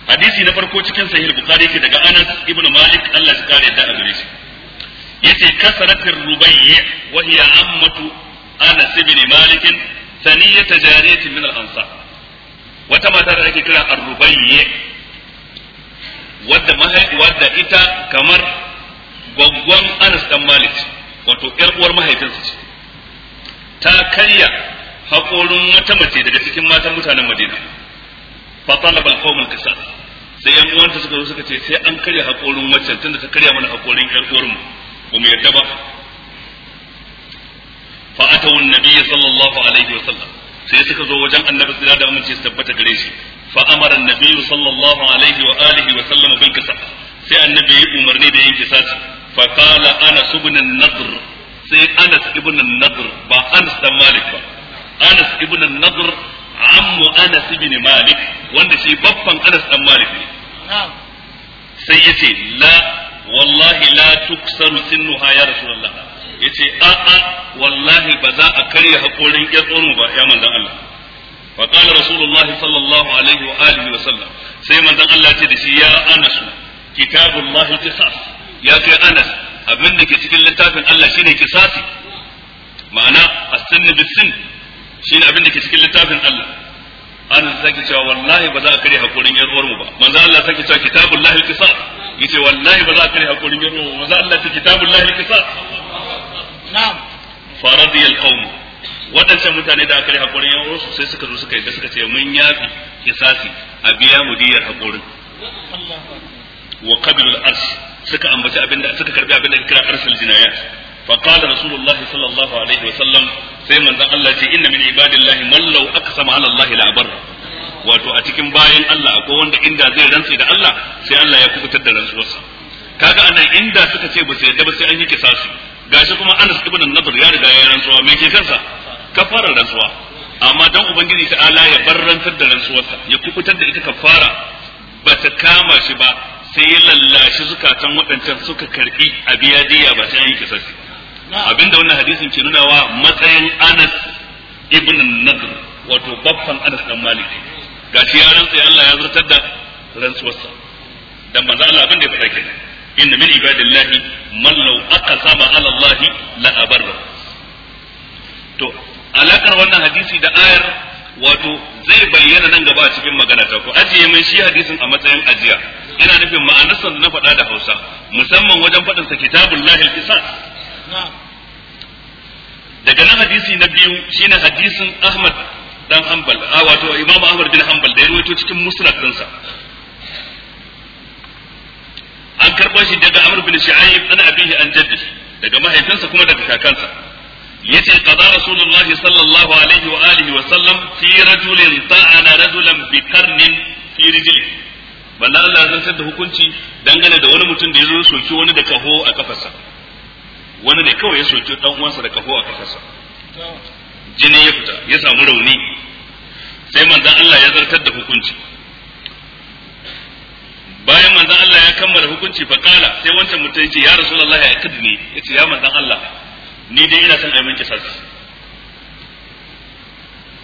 hadisi na farko cikin sahih bukhari ke daga anas ibnu malik Allah ya kare da gare shi yace kasaratir rubayyi wa hiya ammatu anas ibn malik saniyat jariyatin min al-ansar wata mata da ake kira ar-rubayyi wadda wadda ita kamar gwaggon Anas dan Malik wato ƴar uwar mahaifinsa ce ta karya haƙorin wata mace daga cikin matan mutanen Madina fa talaba al-qawm al-qisas sai yan uwanta suka zo suka ce sai an karya haƙorin waccan tunda ta karya mana haƙorin ƴar uwar mu ba mu yarda ba fa atawu an-nabiy sallallahu alaihi wa sallam sai suka zo wajen annabi tsira da amince su tabbata gare shi fa amara an-nabiy sallallahu alaihi wa alihi wa sallam bil qisas sai annabi ya umarni da yin qisas fa qala anas ibn an sai anas ibn an ba anas dan malik ba anas ibn an-nadr ammu anas ibn malik wanda shi babban anas dan malik ne sai yace la wallahi la ya rasulullah yace a a wallahi ba za a karya hakorin ya tsoron ba ya manzon Allah فقال رسول الله صلى الله عليه وآله وسلم سيما ذا ce da shi ya anasu الله قصاص ya kai anas abin da ke cikin littafin Allah shine kisasi ma'ana as-sunna bis-sin shine abin da ke cikin littafin Allah anas sake cewa wallahi ba za a kare hakurin yar uwar mu ba manzo Allah sake cewa kitabullahi al-qisas yace wallahi ba za a kare hakurin yar uwar mu manzo Allah ce kitabullahi al-qisas na'am faradiya al-qawm waɗancan mutane da aka yi haƙorin uwar su sai suka zo suka yi da suka ce mun yafi kisasi a biya mu diyar haƙorin wa qabilul arsh suka ambaci abin da suka karbi abin da kira arsal jinayat fa qala rasulullahi sallallahu alaihi wa sallam sai manzon Allah ce inna min ibadillahi man law aqsama ala Allah la abar wato a cikin bayan Allah akwai wanda inda zai rantsi da Allah sai Allah ya kubutar da rantsuwarsa kaga anan inda suka ce ba yarda yadda ba sai an yi Ga gashi kuma Anas ibn Nadr ya riga ya rantsuwa me ke kansa kafarar rantsuwa amma dan ubangiji ta ala ya barrantar da rantsuwarsa ya kubutar da ita kafara ba ta kama shi ba sai ya lallashi zukatan waɗancan suka karɓi a biya diya ba sai an yi kisasi abinda wannan hadisin ke nuna wa matsayin Anas ibn Nadr wato babban Anas dan Malik shi ya rantsa Allah ya zartar da rantsuwarsa dan manzo Allah abin da ya faɗa kenan inna min ibadillahi man law aqsama ala Allah la abarra to alakar wannan hadisi da ayar wato zai bayyana nan gaba a cikin magana ta ko ajiye mai shi hadisin a matsayin ajiya ina nufin ma'anarsa da na faɗa da Hausa musamman wajen faɗin sa kitabul lahil qisas daga nan hadisi na biyu shine hadisin Ahmad dan Hanbal a wato Imam Ahmad bin Hanbal da ya rawaito cikin musnad ɗinsa an karɓo shi daga Amr bin Shu'aib abin abihi an jaddi daga mahaifinsa kuma daga kakansa yace qada rasulullahi sallallahu alaihi wa alihi wa sallam fi rajulin ta'ana rajulan bi qarnin fi rijlihi banda Allah ya zantar da hukunci dangane da wani mutum da ya zo soki wani da kaho a kafarsa wani ne kawai ya soki dan uwansa da kaho a kafarsa jini ya fita ya samu rauni sai manzon Allah ya zartar da hukunci bayan manzon Allah ya kammala hukunci fa kala sai wancan mutum ya ce ya rasulullahi akidni yace ya manzon Allah ni dai ina son aimin kisasa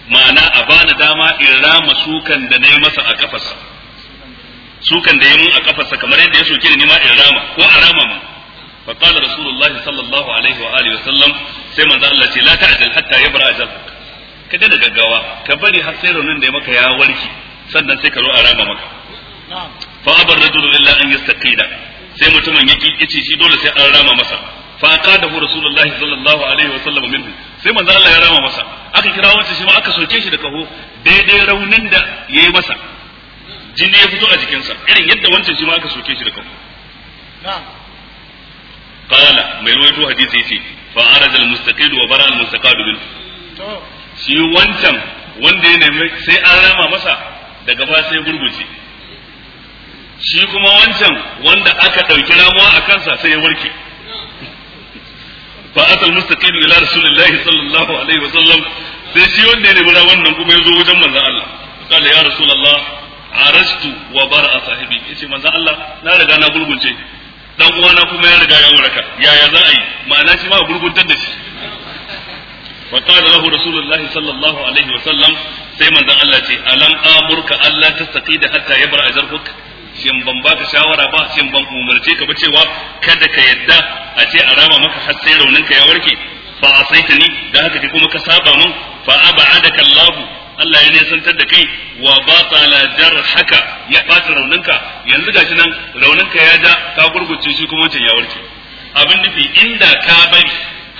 ma'ana a bani dama in rama sukan da na yi masa a kafarsa sukan da ya mun a kafarsa kamar yadda ya soke ni ma in rama ko a rama ma fa qala rasulullahi sallallahu alaihi wa alihi wa sallam sai manzo Allah ce la ta'jal hatta yabra ajal ka da gaggawa ka bari har sai raunin da ya maka ya warke sannan sai ka zo a rama maka fa abar rajulu illa an yastaqida sai mutumin yake yace shi dole sai an rama masa fa aqadahu rasulullahi sallallahu alaihi wa sallam minhu sai manzo Allah ya rama masa aka kira wancan shi ma aka soke shi da kaho daidai raunin da yayi masa jini ya fito a jikinsa irin yadda wancan shi ma aka soke shi da kaho qala mai ruwaito hadisi yace fa arada al-mustaqid wa bara al-mustaqad min shi wancan wanda ya nemi sai an rama masa daga ba sai gurgurce shi kuma wancan wanda aka ɗauki ramuwa a kansa sai ya warke fa asal mustaqim ila rasulillahi sallallahu alaihi wa sallam sai shi wanda ya nemi wannan kuma yazo wajen manzon Allah kala ya rasulullah arastu wa bara sahibi yace manzon Allah na riga na gurgunce dan uwana kuma ya riga ya waraka yaya za a yi ma'ana shi ma da shi فقال له رسول الله صلى الله عليه وسلم سيما ذا الله ألم آمرك ألا تستقيد حتى يبرأ جرحك shin ban baka shawara ba shin ban umarce ka ba cewa kada ka yadda a ce a rama maka har sai raunin ya warke fa asaita ni da haka kai kuma ka saba mun fa abadaka Allah Allah ya nisantar da kai wa batala haka ya bata rauninka yanzu gashi nan rauninka ya da ka gurgurce shi kuma wancan ya warke abin nufi inda ka bari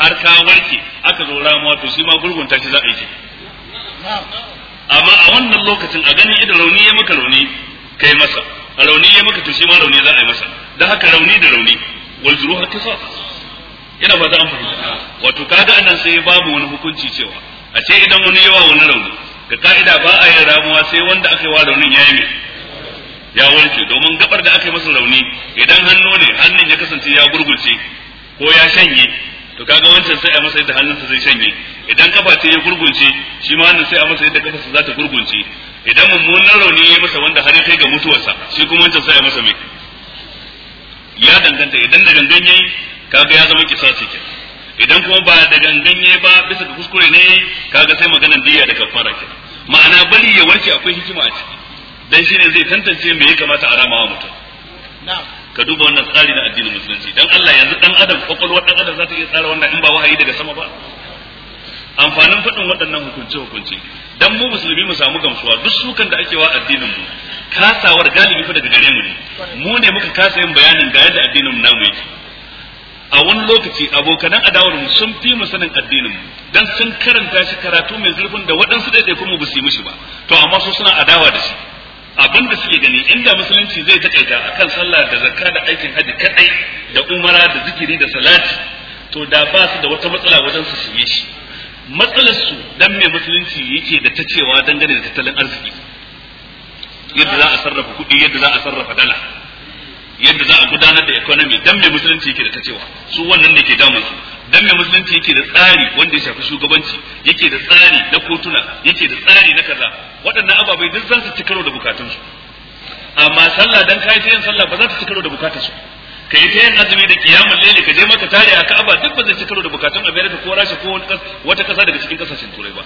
har ka warke aka zo ramuwa to shi ma gurgunta shi za a yi amma a wannan lokacin a ganin ido rauni ya maka rauni kai masa rauni ya maka to shi ma rauni za a yi masa dan haka rauni da rauni wal juruha qisas ina ba za an fahimta wato kaga annan sai babu wani hukunci cewa a ce idan wani yawa wani rauni da ka'ida ba a yin ramuwa sai wanda aka yi wa raunin ya yi ya wanke domin gabar da aka yi masa rauni idan hannu ne hannun ya kasance ya gurgurce ko ya shanye to kaga wancan sai a masa yadda hannunsa zai shanye idan kafa ce ya gurgunce shi ma hannun sai a masa yadda kafarsa za ta gurgunce idan mummunan rauni ya masa wanda har ya kai ga mutuwarsa shi kuma wancan sai ya masa mai ya danganta idan da gangan yayi kaga ya zama kisasi ce idan kuma ba da gangan yayi ba bisa ga kuskure ne kaga sai magana diya da kafara ke ma'ana bari ya warke akwai hikima a ciki dan shine zai tantance me ya kamata a wa mutum ka duba wannan tsari na addinin musulunci dan Allah yanzu dan adam kokolwa dan adam za ta iya tsara wannan in ba wahayi daga sama ba amfanin faɗin waɗannan hukunce hukunce dan mu musulmi mu samu gamsuwa duk sukan da ake wa addinin mu kasawar galibi fa daga gare mu ne mu ne muka kasa yin bayanin ga yadda addinin mu namu yake a wani lokaci abokanan adawar mu sun fi mu sanin addinin mu dan sun karanta shi karatu mai zurfin da waɗansu da mu kuma su yi mishi ba to amma su suna adawa da shi abin da suke gani inda musulunci zai takaita akan sallah da zakka da aikin haji kaɗai da umara da zikiri da salati to da ba su da wata matsala wajen su shige shi matsalar su dan mai musulunci yake da ta cewa dangane da tattalin arziki yadda za a sarrafa kuɗi yadda za a sarrafa dala yadda za a gudanar da economy dan mai musulunci yake da ta cewa su wannan da ke damun su dan mai musulunci yake da tsari wanda ya shafi shugabanci yake da tsari na kotuna yake da tsari na kaza waɗannan ababai duk za su ci karo da bukatunsu amma sallah dan kai ta yin sallah ba za ta ci karo da bukatunsu ka yi ta yin azumi da kiyamun laili ka je maka tare a ka'aba duk ba zai ci karo da bukatun america ko rasha ko wata kasa daga cikin kasashen turai ba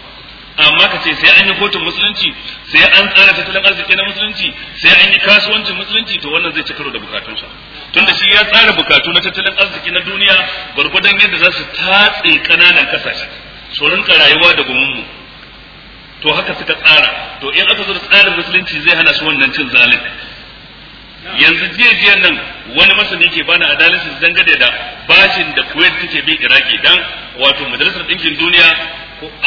amma ka ce sai an yi kotun musulunci sai an tsara tattalin arziki na musulunci sai an yi kasuwancin musulunci to wannan zai ci karo da bukatunsa tunda shi ya tsara bukatu na tattalin arziki na duniya gwargwadon yadda za su tatse kananan kasashe su rinka rayuwa da gumunmu to haka suka tsara to in aka zo da tsarin musulunci zai hana su wannan cin zalunci yanzu jiya jiyan nan wani masani ke bani adalcin dangane da bashin da Kuwait take bi Iraki dan wato majalisar ɗinkin duniya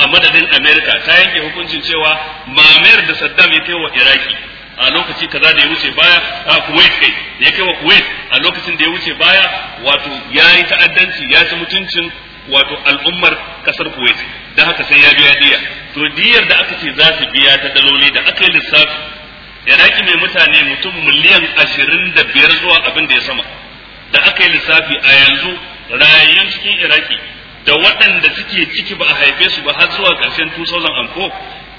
a madadin America ta yanke hukuncin cewa mamayar da Saddam ya kai wa Iraki a lokaci kaza da ya wuce baya a Kuwait kai ya kai wa Kuwait a lokacin da ya wuce baya wato ya yi ta'addanci ya ci mutuncin wato al'ummar kasar Kuwait da haka sai ya biya diya to diyar da aka ce za su biya ta daloli da aka yi lissafi iraki mai mutane mutum miliyan ashirin da biyar zuwa abin da ya sama da aka yi lissafi a yanzu rayayyun cikin iraki da waɗanda suke ciki ba a haife su ba har zuwa ƙarshen 2004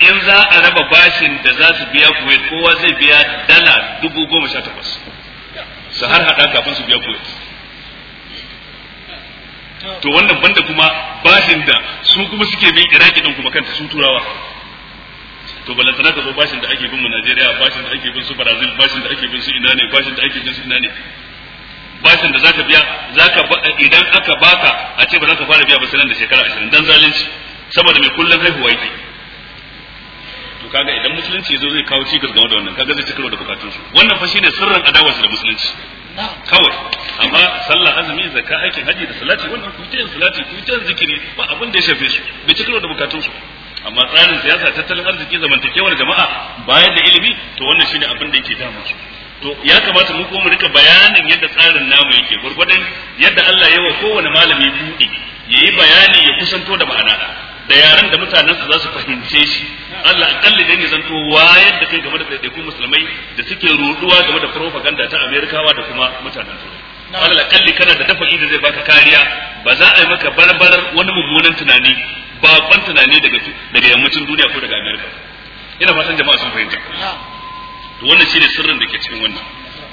in za a raba bashin da za su biya kuwait kowa zai biya dala dubu goma sha takwas su har haɗa kafin su biya kuwait to wannan banda kuma bashin da su kuma suke bin iraki ɗin kuma kanta su turawa to balantana ka zo bashin da ake bin mu Najeriya bashin da ake bin su Brazil bashin da ake bin su ina ne bashin da ake bin su ina ne bashin da zaka biya zaka idan aka baka a ce ba za ka fara biya ba sai nan da shekara 20 dan zalunci saboda mai kullun haihuwa yake to kaga idan musulunci yazo zai kawo cikas game da wannan kaga zai cikaro da bukatun su wannan fa shine sirrin adawa da musulunci kawai amma sallah azumi zakka aikin haji da salati wannan kuce salati kuce zikiri ba abin da ya shafe su bai cikaro da bukatun su amma tsarin siyasa tattalin arziki zamantakewar jama'a bayan da ilimi to wannan shine abin da yake dama su to ya kamata mu kuma mu rika bayanin yadda tsarin namu yake gurgurdan yadda Allah ya wa kowane malami buɗe yayi bayani ya kusanto da ma'ana da yaran da mutanen su za su fahimce shi Allah akalli dan zanto wayar da kai game da ɗaiɗaikun musulmai da suke ruduwa game da propaganda ta Amerikawa da kuma mutanen su Allah akalli kana da dafa da zai baka kariya ba za a yi maka barbarar wani mummunan tunani babban tunani daga daga yammacin duniya ko daga Amerika ina fatan jama'a sun fahimta to wannan shine sirrin da ke cikin wannan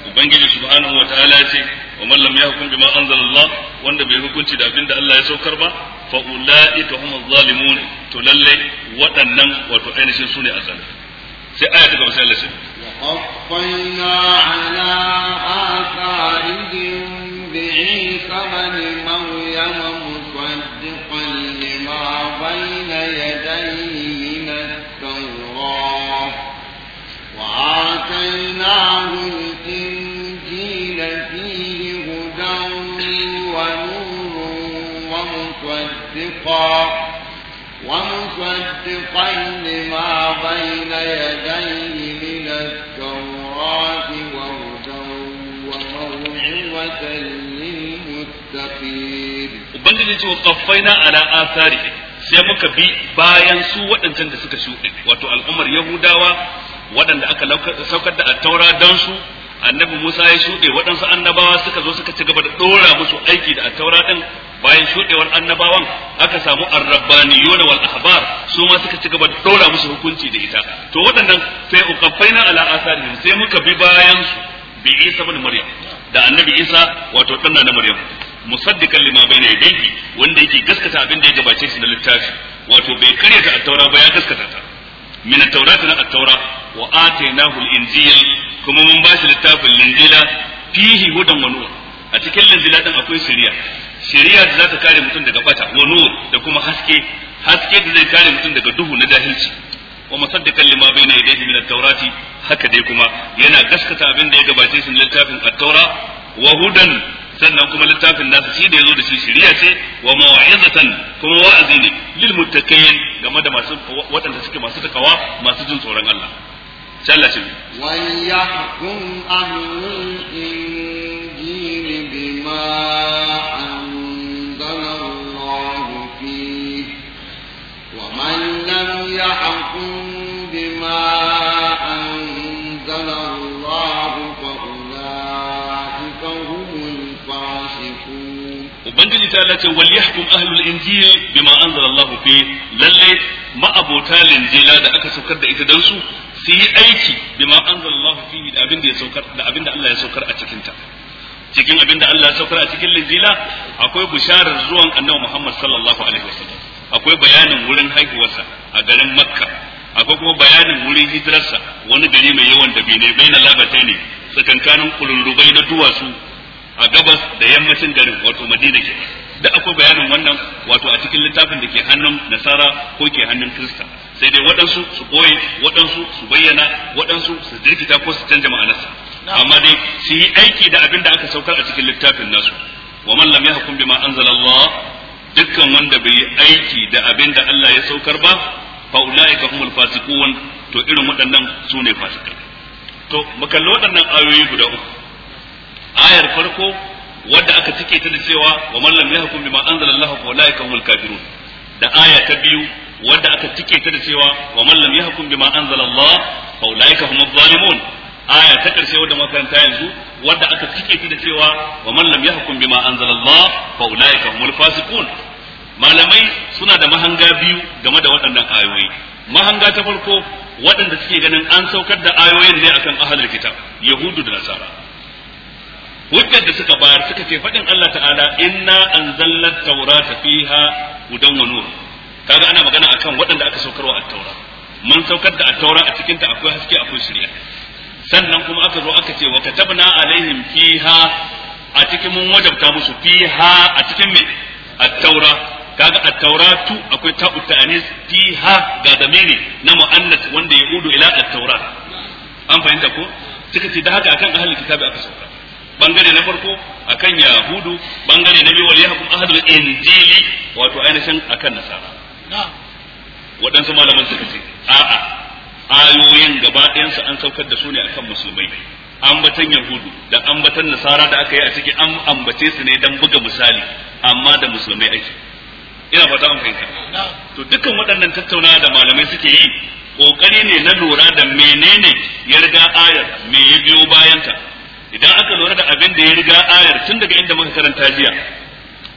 ubangiji subhanahu wa ta'ala ce wa man lam yahkum bima anzalallah wanda bai hukunci da abinda Allah ya saukar ba fa ulaika humuz zalimun to lalle waɗannan wato ainihin sune azal sai aya ta gaba sai Allah ya وقفينا على يديه من التوراة وآتيناه الإنجيل فيه هدى ونور ومصدقا ومصدقا لما بين يديه من التوراة وهدى وموعظة للمتقين وبنجد توقفينا على آثاره sai muka bi bayan su waɗancan da suka shuɗe wato al'ummar yahudawa waɗanda aka saukar da attaura don su annabi musa ya shuɗe waɗansu annabawa suka zo suka ci gaba da ɗora musu aiki da attaura ɗin bayan shuɗewar annabawan aka samu arrabbaniyuna wal ahbar su ma suka ci gaba da ɗora musu hukunci da ita to waɗannan sai na ala asarihim sai muka bi bayan su bi isa bin maryam da annabi isa wato ɗanna na maryam musaddiqan lima ne yadayhi wanda yake gaskata abin da ya gabace shi na littafi wato bai karyata at-taura ba ya gaskata ta min at-taurati na at-taura wa atainahu al-injil kuma mun bashi littafin linjila fihi hudan wa nur a cikin linjila din akwai shari'a shari'a da za ta kare mutum daga bata wa nur da kuma haske haske da zai kare mutum daga duhu na jahilci wa musaddiqan lima bayna yadayhi min at-taurati haka dai kuma yana gaskata abin da ya gabace shi na littafin at-taura wa hudan sannan kuma littafin nasa shi da zo da shi shiriya ce wa mawa'izatan kuma wa'azi ne lil muttaqin game da masu waɗanda suke masu takawa masu jin tsoron Allah sai Allah shi wal yahkum ahlul injil bima anzala Allah fi wa man lam yahkum bima ubangiji ta Allah wal yahkum ahlul injil bima anzalallahu fi lalle ma'abota linjila da aka saukar da ita dan su su yi aiki bima anzalallahu fihi da abin da ya saukar da abin da Allah ya saukar a cikin ta cikin abin da Allah ya saukar a cikin linjila akwai bisharar zuwan annabi Muhammad sallallahu alaihi wasallam akwai bayanin wurin haihuwarsa a garin Makka akwai kuma bayanin wurin hijirarsa wani gari mai yawan dabine bai na labatai ne tsakankanin kulurrubai na duwatsu a gabas da yammacin garin wato madina ke da akwai bayanin wannan wato a cikin littafin da ke hannun nasara ko ke hannun kirista sai dai waɗansu su ɓoye waɗansu su bayyana waɗansu su jirkita ko su canja ma'anarsa amma dai su yi aiki da abin da aka saukar a cikin littafin nasu wa man lam yahkum bima anzala Allah dukkan wanda bai yi aiki da abin da Allah ya saukar ba fa ulaika humul fasiqun to irin waɗannan su ne fasikai to mu kalli waɗannan ayoyi guda uku ayar farko wadda aka cike ta da cewa wa man lam yahkum bima anzala Allah fa ulaika humul kafirun da aya ta biyu wadda aka cike ta da cewa wa man lam yahkum bima anzala Allah fa ulaika humuz zalimun aya ta karshe wadda makaranta yanzu wadda aka cike ta da cewa wa man lam yahkum bima anzala Allah fa ulaika humul fasiqun malamai suna da mahanga biyu game da waɗannan ayoyi mahanga ta farko waɗanda suke ganin an saukar da ayoyin ne akan ahlul kitab yahudu da nasara hujjar da suka bayar suka ce faɗin Allah ta'ala inna anzalna taurata fiha hudan wa nur kaga ana magana akan waɗanda aka saukarwa at-taura mun saukar da at-taura a cikin ta akwai haske akwai shari'a sannan kuma aka zo aka ce wa katabna alaihim fiha a cikin mun wajabta musu fiha a cikin me at-taura kaga at-tauratu akwai ta ta'anis fiha ga damiri na mu'annas wanda ya udu ila at-taura an fahimta ko suka ce da haka akan ahlul kitabi aka sauka bangare na farko akan yahudu bangare na biyu wal yahkum ahadul injili wato ainihin akan nasara waɗansu malaman suka ce a'a ayoyin gaba su an saukar da su ne akan musulmai ambatan yahudu da ambatan nasara da aka yi a ciki an ambace su ne dan buga misali amma da musulmai ake ina fata an fahimta to dukkan waɗannan tattauna da malamai suke yi kokari ne na lura da menene yarda ayar me ya biyo bayanta idan aka lura da abin da ya riga ayar tun daga inda muka karanta jiya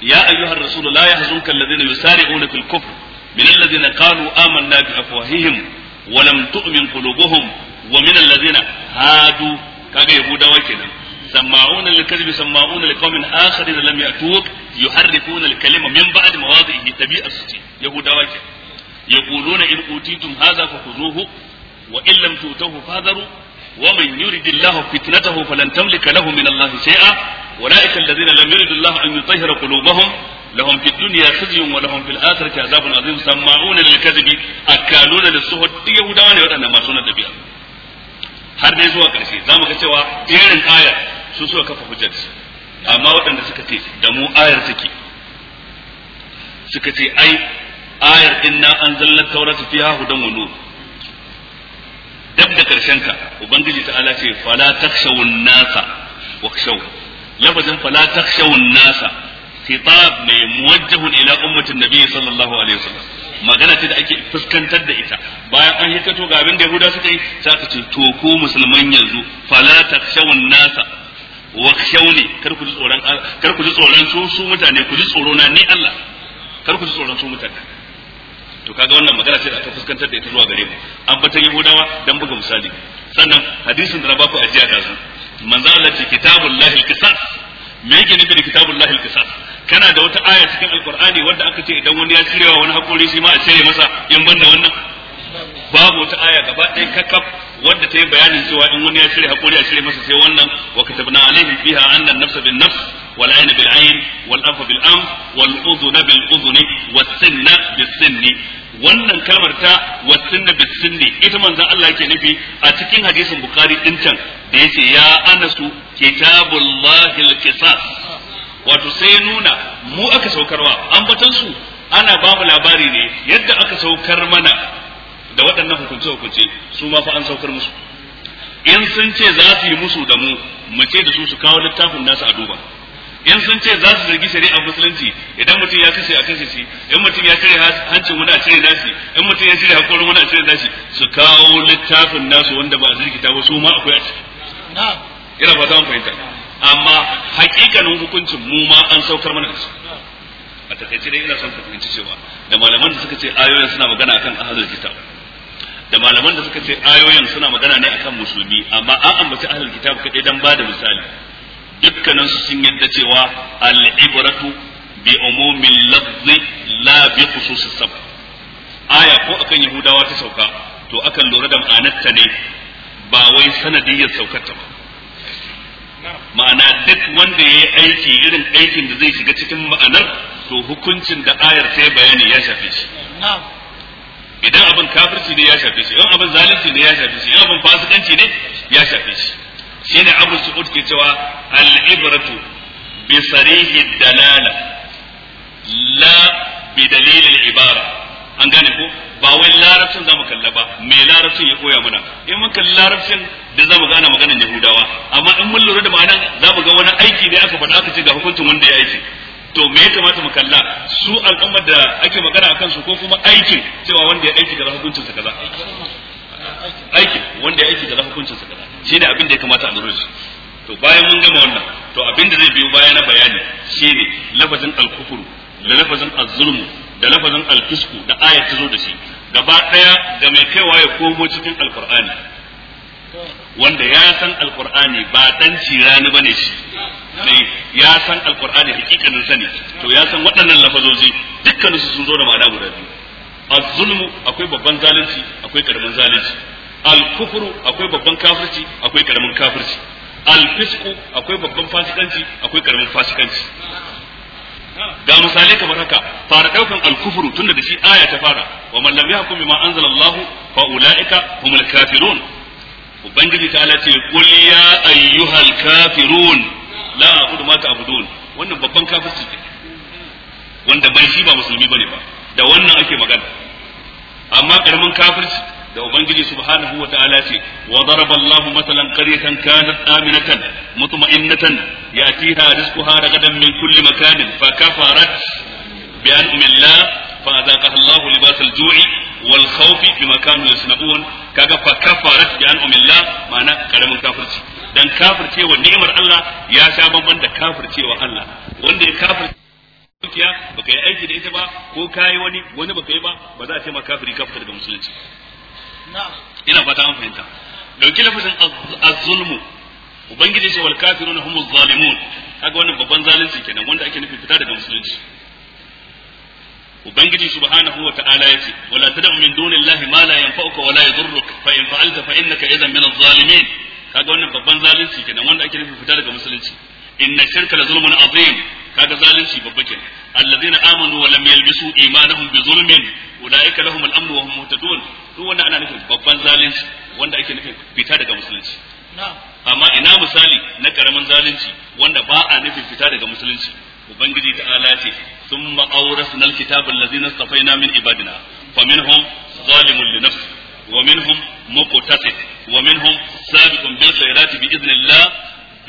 ya ayyuhar rasul la yahzunka alladhina yusari'una fil kufr min alladhina qalu amanna bi afwahihim wa lam tu'min qulubuhum wa min alladhina hadu kaga yahudawa kenan سماعون للكذب سماعون لقوم آخرين لم يأتوك يحرفون الكلمة من بعد مواضعه تبيع السجين يهودا يقولون إن أوتيتم هذا فخذوه وإن لم تؤتوه فاذروا ومن يرد الله فتنته فلن تملك له من الله شيئا أولئك الذين لم يرد الله أن يطهر قلوبهم لهم في الدنيا خزي ولهم في الآخرة عذاب عظيم سماعون للكذب أكالون للسهد يهودان يودان ما سنة بها har dai zuwa ƙarshe za mu ga cewa jerin ayar su suka kafa hujjar amma waɗanda suka ce da mu ayar take suka ce ai ayar din na an zallar taurata fiha hudan wa nur dab da karshen ka ubangiji ta ala ce fala takshawun nasa kshaw lafazin fala takshawun nasa khitab mai muwajjahun ila ummatin nabiyyi sallallahu alaihi wasallam magana ce da ake fuskantar da ita bayan an hikato ga abin da yahuda suka yi sai aka ce to ku musulman yanzu fala takshawun nasa ne. kar ku ji tsoron kar ku ji tsoron su su mutane ku ji tsoro na ni Allah kar ku ji tsoron su mutane to kaga wannan magana ce da aka fuskantar da ita zuwa gare mu an bata yi hudawa dan buga misali sannan hadisin da na baku ajiya da su manzo Allah ce kitabullahi qisas me yake nufi da kitabullahi qisas kana da wata aya cikin alqur'ani wanda aka ce idan wani ya cirewa wani hakuri shi ma a cire masa in banda wannan babu wata aya gaba ɗaya kakaf wadda ta yi bayanin cewa in wani ya shirya hakuri a shirya masa sai wannan wa katabna alaihim fiha anna nafsa bin nafs wal ayna bil ayn wal anfa bil anf wal udhuna bil udhuni was sinna bis sinni wannan kalmar ta wasinna bis sinni ita manzon Allah yake nufi a cikin hadisin bukhari din can da yace ya anasu kitabullahi al-qisas wato sai nuna mu aka saukarwa an batan su ana ba mu labari ne yadda aka saukar mana da waɗannan hukunce hukunce su ma fa an saukar musu in sun ce za su yi musu da mu mu ce da su su kawo littafin nasu a duba in sun ce za su zargi shari'a musulunci idan mutum ya kashe a kashe shi in mutum ya cire hancin wani a cire nashi in mutum ya cire hakorin wani a cire nashi su kawo littafin nasu wanda ba a zirkita ba su ma akwai a ciki ina ba zan fahimta amma hakikanin hukuncin mu ma an saukar mana da su a takaice dai ina son ka fahimci cewa da malaman da suka ce ayoyin suna magana akan ahlul kitab da malaman da suka ce ayoyin suna magana ne akan musulmi amma an ambaci ahlul kitab kadai dan da misali dukkanin su sun yadda cewa al-ibratu bi umumil lafzi la bi khususis sab aya ko akan yahudawa ta sauka to akan lura da ma'anarta ne ba wai sanadiyyar ta ba ma'ana duk wanda ya yi aiki irin aikin da zai shiga cikin ma'anar to hukuncin da ayar ta bayani ya shafe shi idan abin kafirci ne ya shafe shi in abin zalunci ne ya shafe shi in abin fasikanci ne ya shafe shi shine abu su'ud ke cewa al-ibratu bi sarihi dalala la bi dalil ibara an gane ko ba wai larabcin zamu kalla ba me larabcin ya koya mana in mun kalli larabcin da zamu gane maganar yahudawa amma in mun lura da ma'anar zamu ga wani aiki da aka faɗa aka ce ga hukuncin wanda ya aiki to me ya kamata mu kalla su al'ummar da ake magana akan su ko kuma aikin cewa wanda ya aiki da hukuncin sa kaza aikin wanda ya aiki da hukuncin sa kaza shine abin da ya kamata a lura to bayan mun gama wannan to abin da zai biyo bayan na bayani shine lafazin al-kufru da lafazin az zulm da lafazin al-fisku da ayat ta zo da shi gaba daya ga mai kaiwa ya komo cikin al al-qur'ani wanda ya san al al-qur'ani ba dan ne bane shi sai ya san alqur'ani hakikanin sani to ya san waɗannan lafazozi dukkan su sun zo da ma'ana guda biyu az-zulmu akwai babban zalunci akwai karamin zalunci al-kufru akwai babban kafirci akwai karamin kafirci al-fisqu akwai babban fasikanci akwai karamin fasikanci ga misalai kamar haka fara daukan al-kufru tunda da shi aya ta fara wa man lam yahkum bima Allah fa ulaika humul kafirun ubangiji ta ce qul ya ayyuhal kafirun la a'budu ma ta'budun wannan babban kafirci ne wanda bai shi ba musulmi bane ba da wannan ake magana amma karamin kafirci da ubangiji subhanahu wa ta'ala ce wa daraba Allahu masalan qaryatan kanat aminatan mutma'innatan yatiha rizquha ragadan min kulli makanin fa kafarat bi an'ami Allah fa azaqaha Allahu libas al-ju'i wal khawfi bima kanu yasna'un kaga fa kafarat bi an'ami Allah ma'ana karamin kafirci dan cewa ni'imar Allah ya sha bamban da cewa Allah wanda ya kafirce dukiya baka yi aiki da ita ba ko kayi wani wani baka yi ba ba za a ce ma kafiri ka fita daga musulunci ina fata an fahimta dauki lafazin az-zulmu ubangiji ce wal kafiruna humuz zalimun kaga wannan babban zalunci kenan wanda ake nufi fita daga musulunci ubangiji subhanahu wa ta'ala yace wala tad'u min dunillahi ma la yanfa'uka wa la yadhurruka fa in fa'alta fa innaka idhan min az-zalimin kaga wannan babban zalunci kenan wanda ake nufi fita daga musulunci inna shirka la zulmun azim kaga zalunci babba kenan alladheena amanu wa lam yalbisu imanuhum bi zulmin ulaika lahum al-amn wa hum muhtadun duk wannan ana nufin babban zalunci wanda ake nufin fita daga musulunci amma ina misali na karamin zalunci wanda ba a nufin fita daga musulunci ubangiji ta'ala ce thumma awrasna al-kitaba alladheena safai min ibadina fa faminhum zalimun li nafsihi ومنهم مقتصد ومنهم سابق بالخيرات بإذن الله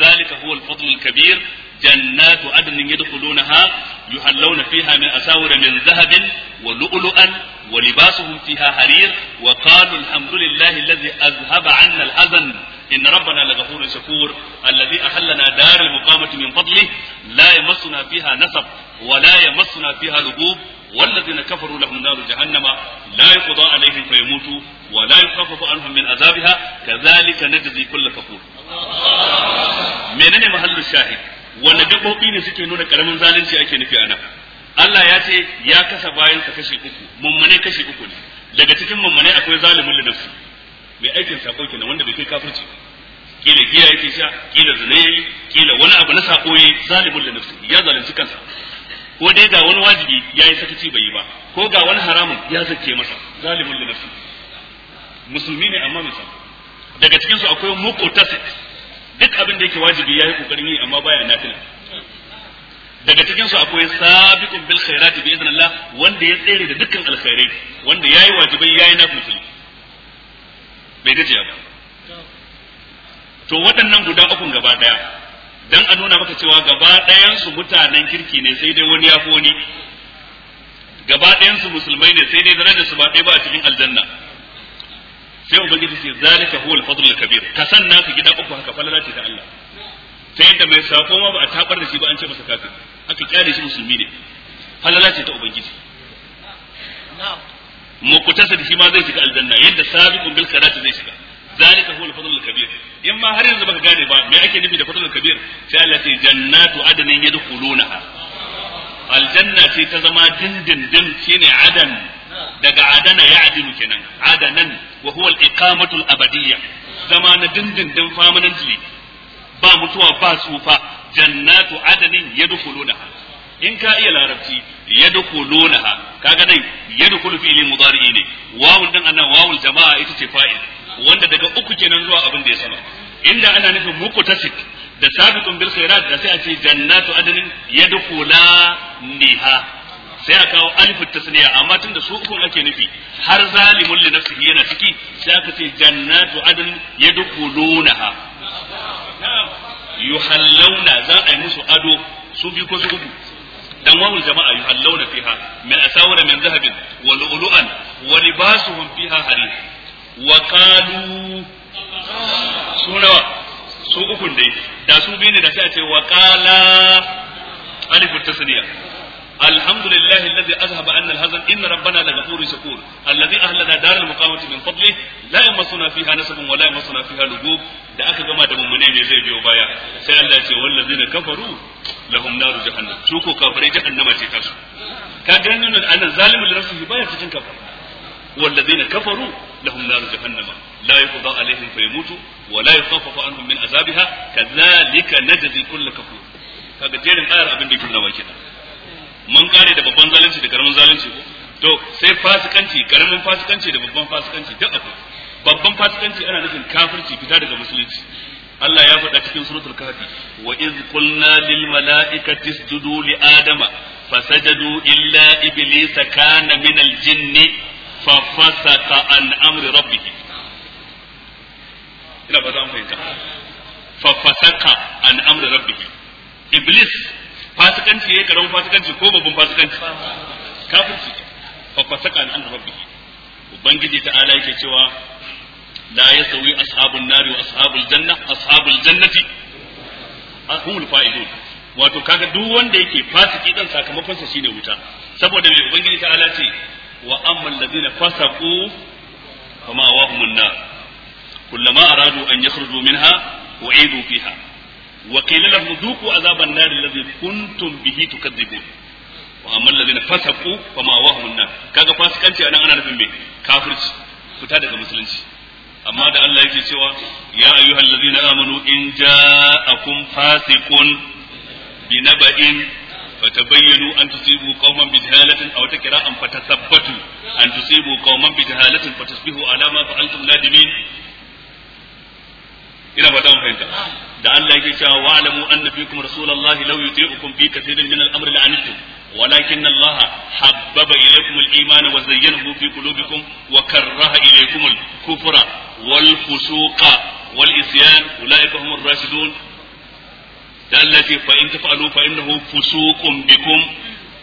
ذلك هو الفضل الكبير جنات عدن يدخلونها يحلون فيها من أساور من ذهب ولؤلؤا ولباسهم فيها حرير وقالوا الحمد لله الذي أذهب عنا الحزن إن ربنا لغفور شكور الذي أحلنا دار المقامة من فضله لا يمسنا فيها نصب ولا يمسنا فيها لبوب والذين كفروا لهم نار جهنم لا يقضى عليهم فيموتوا ولا يخفف عنهم من عذابها كذلك نجزي كل كفور menene mahallin shahid wanda dabbobi ne suke nuna karamin zalunci ake nufi a nan Allah ya ce ya kasa bayansa kashi uku mummune kashi uku ne daga cikin mummune akwai mai aikin sako kenan wanda bai kai kafirci kila giya yake sha kila zina kila wani abu na sako yayi zalimin linafsi ya zalunci kansa ko dai ga wani wajibi ya yi sakaci bai yi ba ko ga wani haramun ya zace masa zalimin da nafsi musulmi ne amma misal daga cikin su akwai muqtasid duk abin da yake wajibi ya yi kokarin yi amma baya nafila daga cikin su akwai sabiqun bil khairati bi idnillah wanda ya tsere da dukkan alkhairai wanda yayi wajibai yayi musulmi bai gajiya ba to waɗannan guda ukun gaba daya dan a nuna maka cewa gaba ɗayan su mutanen kirki ne sai dai wani ya fi wani gaba ɗayan su musulmai ne sai dai darajar su ba ɗaya ba a cikin aljanna sai ubangiji ce zalika huwa al-fadl kabir ka san naka gida uku haka falala ce da Allah sai da mai sako ma ba a tabar da shi ba an ce masa kafir aka kyale shi musulmi ne falala ce ta ubangiji mu kutasa da shi ma zai shiga aljanna yadda sabiqun bil karati zai shiga zalika huwa al-fadl al-kabir in ma har yanzu ka gane ba me ake nufi da fadl al-kabir sai Allah ya jannatu adnin yadkhulunaha aljanna ce ta zama dindindin shine adan daga adana ya adinu kenan adanan wa huwa al zama na dindindin permanently ba mutuwa ba tsufa jannatu adnin yadkhulunaha in ka iya larabci yadkhulunaha kaga dai ne wawun wawul jama'a ita ce fa'il wanda daga uku kenan zuwa abin da ya sama inda ana nufin muqtasid da sabiqun bil khairat da sai a ce jannatu adnin yadkhula niha sai a kawo alifu tasniya amma tunda su ukun ake nufi har zalimun li nafsihi yana ciki sai aka ce jannatu adnin yadkhulunaha yuhallawna za a yi musu ado su bi ko su uku dan wawul jama'a yuhallawna fiha min asawira min zahabin wa lu'lu'an wa libasuhum fiha harir wa qalu su nawa su uku dai da su biyu ne da a ce wa qala alif tasniya الحمد لله الذي اذهب عنا الهزل ان ربنا لغفور شكور الذي اهلنا دار المقامه من فضله لا يمسنا فيها نسب ولا يمسنا فيها لغوب da aka gama da mummune ne zai biyo baya sai Allah ya ce wallazina kafaru lahum naru jahannam su ko kafirai jahannama ce ta ka ganin nan anan zalimul nafsihi baya cikin والذين كفروا لهم نار جهنم لا يقضى عليهم فيموتوا ولا يخفف عنهم من عذابها كذلك نجزي كل كفور kaga jerin ayar abin da yake nawa kenan mun kare da babban zalunci da karamin zalunci ko to sai fasikanci karamin fasikanci da babban fasikanci duk akwai babban fasikanci ana nufin kafirci fita daga musulunci Allah ya faɗa cikin suratul kafi wa iz qulna lil mala'ikati isjudu li adama fasajadu illa iblisa kana min al jinni fa fasaka an amri rabbih ina ba za mu fahimta fa fasaka an amri rabbih iblis fasikanci yayi karon fasikanci ko babban fasikanci kafirci fa fasaka an amri rabbih ubangiji ta ala yake cewa la yasawi ashabun nari wa ashabul janna ashabul jannati humul fa'idun wato kaga duk wanda yake fasiki dan sakamakon sa shine wuta saboda mai ubangiji ta ala ce wa amma alladhina fasaqu fama awahum an-nar kullama aradu an yakhruju minha u'idu fiha wa qila lahum dhuqu azab an-nar alladhi kuntum bihi tukadzibun wa amma alladhina fasaqu fama awahum an-nar kaga fasikanci anan ana nufin me kafirci fita daga musulunci amma da Allah yake cewa ya ayyuhallazina amanu in ja'akum binaba'in فتبينوا أن تصيبوا قوما بجهالة أو تكراء فتثبتوا أن تصيبوا قوما بجهالة فتصبحوا على ما فعلتم نادمين ina ba ta fahimta da Allah yake cewa wa'lamu anna fikum rasulullahi law yuti'ukum fi kathirin min al-amri la'anittum ولكن الله حبب إليكم الإيمان وزينه في قلوبكم وكره إليكم الكفر والفسوق والإسيان أولئك هم الراشدون da Allah ce fa in tafa'alu fa innahu fusuqun bikum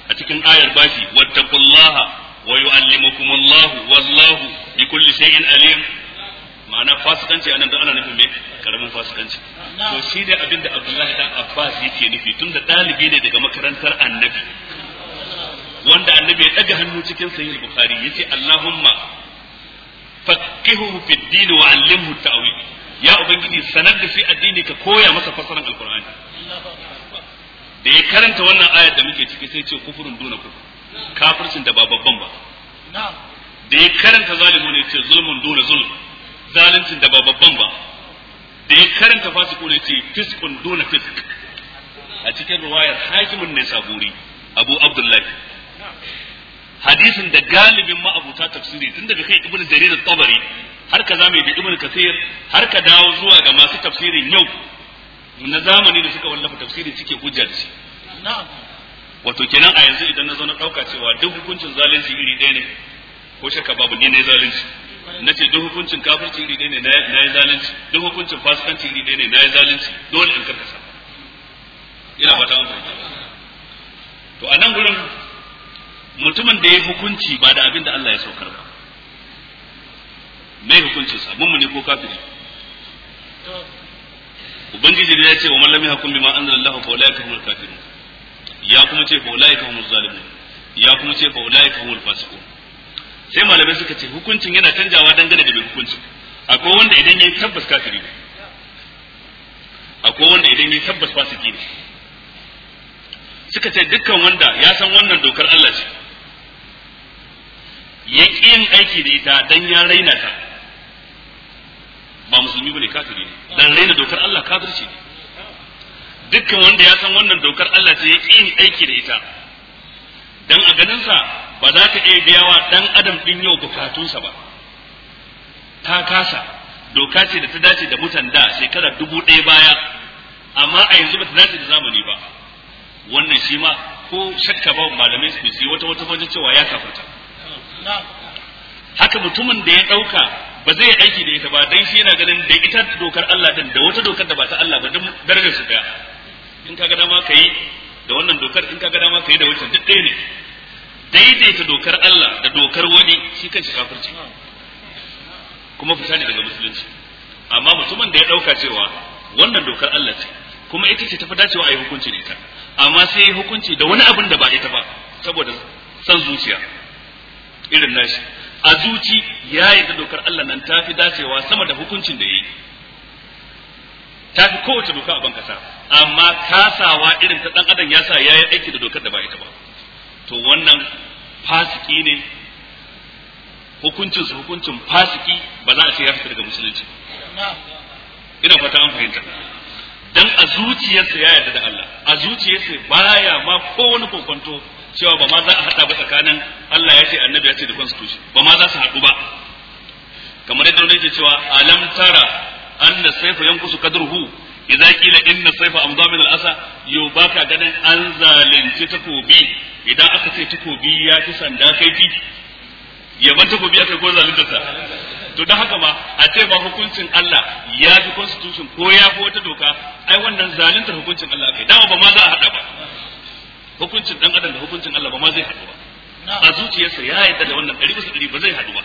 a cikin ayar bashi wattaqullaha wa yu'allimukumullahu wallahu bikulli shay'in alim ma'ana fasikanci anan da ana nufin me karamin fasikanci to shi da abin da Abdullahi dan Abbas yake nufi tunda dalibi ne daga makarantar Annabi wanda Annabi ya daga hannu cikin sahih Bukhari yace Allahumma faqihuhu fid din wa 'allimhu ta'wil ya ubangiji sanar da shi addini ka koya masa fasaran qurani da ya karanta wannan ayar da muke ciki sai ce kufurin duna kufur kafircin da ba babban ba da ya karanta zalimu ne ce zulmun duna zulm zaluncin da ba babban ba da ya karanta fasiku ne ce fiskun duna fisk a cikin ruwayar hakimin ne saburi abu abdullahi hadisin da galibin ma'abuta tafsiri tun daga kai ibnu jarir tabari har ka zame da ibnu kasir har ka dawo zuwa ga masu tafsirin yau na zamani da suka wallafa tafsiri suke hujja da shi wato kenan a yanzu idan na zo na ɗauka cewa duk hukuncin zalunci iri ɗaya ne ko shakka babu ni ne zalunci na ce duk hukuncin kafirci iri ɗaya ne na yi zalunci duk hukuncin fasikanci iri ɗaya ne na yi zalunci dole in karkasa ina ba ta amfani to a nan gurin mutumin da ya hukunci ba da abin da Allah ya saukar ba mai hukuncinsa mummuni ko kafiri ubangiji ne ya ce wa mallami hakun bima Allah fa ulaika humul kafirun ya kuma ce fa ulaika humul zalimun ya kuma ce fa ulaika humul fasiqun sai malamai suka ce hukuncin yana canjawa dangane da bai hukunci akwai wanda idan yayi tabbas kafiri ne akwai wanda idan yayi tabbas fasiki ne suka ce dukkan wanda ya san wannan dokar Allah ce ya yin aiki da ita dan ya raina ta ba musulmi bane kafiri ne dan raina dokar Allah kafirci ce. dukkan wanda ya san wannan dokar Allah ce ya ƙi aiki da ita dan a ganin sa ba za ka iya biya wa dan adam din yau bukatunsa ba ta kasa doka ce da ta dace da mutan da shekara dubu ɗaya baya amma a yanzu ba ta dace da zamani ba wannan shi ma ko shakka ba malamai su yi wata wata wajen cewa ya kafarta haka mutumin da ya ɗauka ba zai aiki da ita ba dan shi yana ganin da ita dokar Allah din da wata dokar da ba ta Allah ba duk darajar su daya in kaga dama kai da wannan dokar in kaga dama kai da wannan duk ɗaya ne daidaita dokar Allah da dokar wani shi shi kafirci kuma fita ne daga musulunci amma mutumin da ya dauka cewa wannan dokar Allah ce kuma ita ce tafi dacewa a yi hukunci da ita amma sai yi hukunci da wani abin da ba ita ba saboda san zuciya irin nashi a zuci ya yi da dokar Allah nan ta fi dacewa sama da hukuncin da ya yi ta fi kowace doka a bankasa amma kasawa irin ta dan adam ya sa ya yi aiki da dokar da ba ita ba to wannan fasiki ne hukuncinsu hukuncin fasiki ba za a ce ya fita daga musulunci ina fata an fahimta dan a zuciyarsa ya yarda da Allah a zuciyarsa baya ma ko wani kokonto cewa ba ma za a hada ba tsakanin Allah ya ce annabi ya ce da constitution ba ma za su haɗu ba kamar yadda wani yake cewa alam tara anna sayfa yankusu kadruhu idza qila inna sayfa amda min al-asa yubaka baka ganin an zalunci takobi idan aka ce takobi ya fi sanda kai fi ban takobi aka ko zalunta sa to don haka ma a ce ba hukuncin Allah ya fi constitution ko ya fi wata doka ai wannan zaluntar hukuncin Allah kai dawo ba ma za a hada ba hukuncin dan adam da hukuncin Allah ba ma zai haɗu ba a zuciyarsa ya yarda da wannan ɗari bisa ɗari ba zai haɗu ba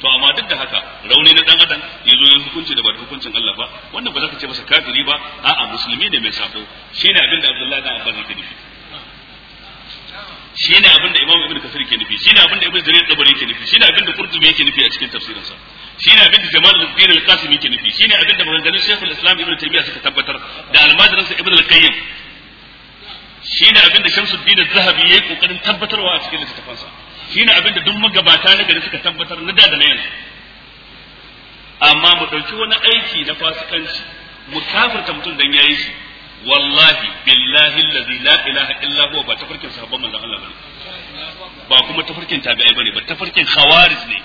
to amma duk da haka rauni na dan adam ya zo ya hukunci da ba hukuncin Allah ba wannan ba za ka ce masa kafiri ba a'a musulmi ne mai sako shine abin da Abdullahi dan Abbas yake nufi shine abin da Imam Ibn Kathir yake nufi shine abin da Ibn Jarir Tabari yake nufi shine abin da Qurtubi yake nufi a cikin tafsirinsa shine abin da Jamal al-Qasim yake nufi shine abin da maganganun Sheikhul Islam Ibn Taymiyyah suka tabbatar da almajiransa Ibn al-Qayyim Shi ne abinda Shamsuddin Az-Zahabi yayi kokarin tabbatarwa a cikin littattafansa, shi ne abinda duk magabata na gari suka tabbatar na da da na yanzu amma mu ɗauki wani aiki na fasikanci mu kafirta mutum dan yayi shi wallahi billahi allazi la ilaha illa huwa ba tafarkin sahabban manzon Allah bane ba kuma tafarkin tabi'ai bane ba tafarkin khawarij ne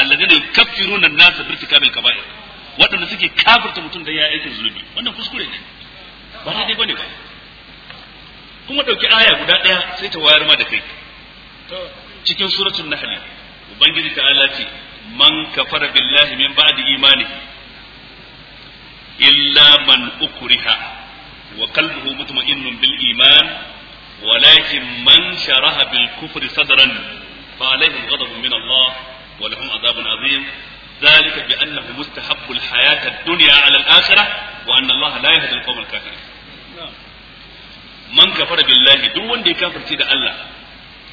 alladheena yukaffiruna an-nasa bi irtikabil kaba'ir wadanda suke kafirta mutum da ya aikin zunubi wannan kuskure ne ba dai bane ba kuma ɗauki aya guda ɗaya sai ta wayar ma da kai cikin suratul nahl ubangiji ta'ala ce man kafara billahi min ba'di imani illa man ukriha wa qalbuhu mutma'innun bil iman walakin man sharaha bil kufri sadran fa alaihim ghadabun min Allah wa lahum adhabun azim ذلك بأنه مستحب الحياة الدنيا على الآخرة وأن الله لا يهدي القوم الكافرين man kafara billahi duk wanda ya kafirce da Allah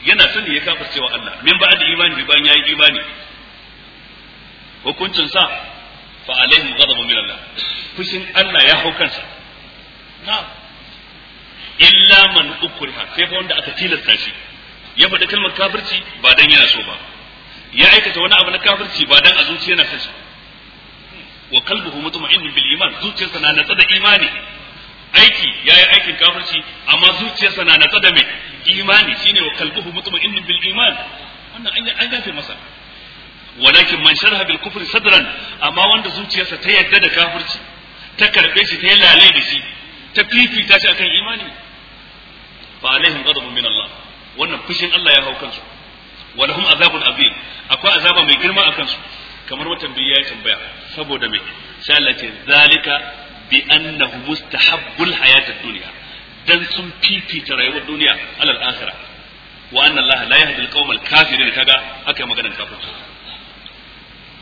yana sani ya kafirce wa Allah min ba'da imani bayan yayi imani hukuncin sa fa alaihim ghadabun min Allah fushin Allah ya hau kansa na'am illa man ukriha sai fa wanda aka tilasta shi ya faɗi kalmar kafirci ba dan yana so ba ya aikata wani abu na kafirci ba dan a zuciya yana kansa wa qalbuhu mutma'innun bil iman zuciyarsa na natsa da imani aiki ya yi aikin kafirci amma zuciyarsa na natsa da mai imani shine wa qalbuhu mutma'innun bil iman wannan an an gafe masa walakin man sharha bil kufri sadran amma wanda zuciyarsa ta yadda da kafirci ta karbe shi ta lalai da shi ta fifita shi akan imani fa alaihim ghadabun min Allah wannan fushin Allah ya hau kansu walahum azabun azim akwai azaba mai girma akan su kamar wata biyu ya tambaya saboda mai, sai Allah ce zalika bi annahu mustahabbul hayatad duniya. dan sun fifita rayuwar duniya alal akhirah wa anna allaha la yahdi alqawmal kafirin kaga haka maganar kafirci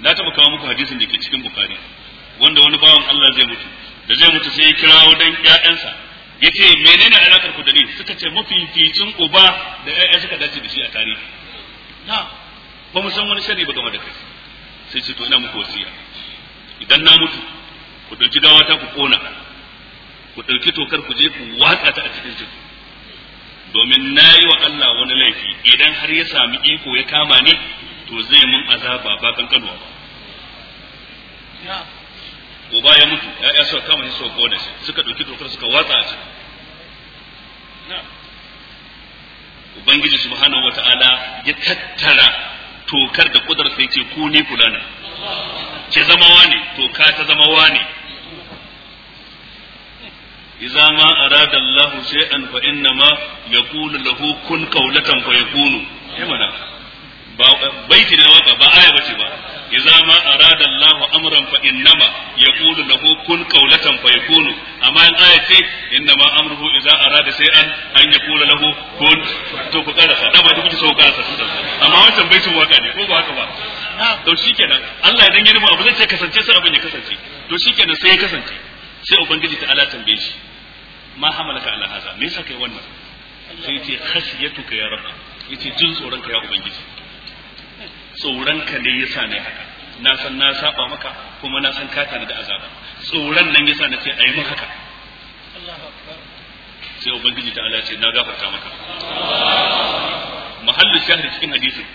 na taba kawo muku hadisin da ke cikin bukari wanda wani bawan Allah zai mutu da zai mutu sai ya kirawo dan ƴaƴansa ce menene alakar ku da ni suka ce mafificin uba da ƴaƴa suka dace da shi a tarihi na ba mu san wani sani ba game da kai sai to ina muku wasiya idan na mutu ku ɗauki gawa ta ku kona ku ɗauki tokar ku je ku watsa ta a cikin teku domin na yi wa Allah wani laifi idan har ya sami iko ya kama ni to zai mun azaba ba kankanwa ba uba ya mutu ya suka kama shi suka kona shi suka ɗauki tokar suka watsa a ciki ubangiji subhanahu ta'ala ya tattara tokar da kudar sai ce ku ni fulana ki zama wani to ka ta zama wani. idza ma arada Allah shay'an fa inna ma yaqulu lahu kun qawlatan fa yakunu eh mana ba baiti da waka ba aya bace ba idza ma arada Allah amran fa inna ma yaqulu lahu kun qawlatan fa yakunu amma in aya ce inna ma amruhu idza arada shay'an an yaqulu lahu kun to ku kada fa da ba kuke so ka sa amma wannan baitin waka ne ko ba haka ba to shikenan Allah idan ya nufa abu zai ce kasance sai abin ya kasance to shikenan sai ya kasance sai ubangiji ta Allah tambaye shi ma hamalaka ala hada me yasa kai wannan sai ce khashiyatuka ya rabbi yace jin tsoron ka ya ubangiji tsoron ka ne yasa ne haka na san na saba maka kuma na san ka tana da azaba tsoron nan yasa na ce ayi maka haka sai ubangiji ta Allah ce na gafarta maka mahallin shahri cikin hadisin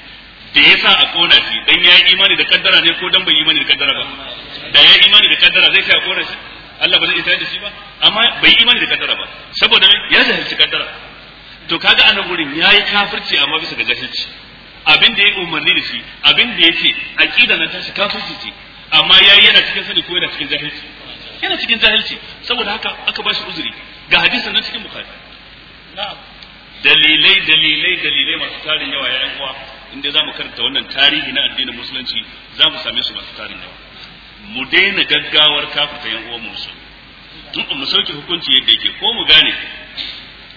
da ya sa a kona shi dan ya yi imani da kaddara ne ko dan bai yi imani da kaddara ba da ya yi imani da kaddara zai sa a kona shi Allah ba zai isa da shi ba amma bai yi imani da kaddara ba saboda ya jahilci kaddara to kaga anan gurin yi kafirci amma bisa ga jahilci abin da ya umarni da shi abin da ya ce aqida na tashi kafirci ce amma ya yi yana cikin sani ko yana cikin jahilci yana cikin jahilci saboda haka aka ba shi uzuri ga hadisin nan cikin bukhari na'am dalilai dalilai dalilai masu tarin yawa ya yan uwa In dai za mu karanta wannan tarihi na addinin musulunci za mu same su masu tarin yawa mu daina gaggawar kafirta yan uwan musu tun mu sauke hukunci yadda yake ko mu gane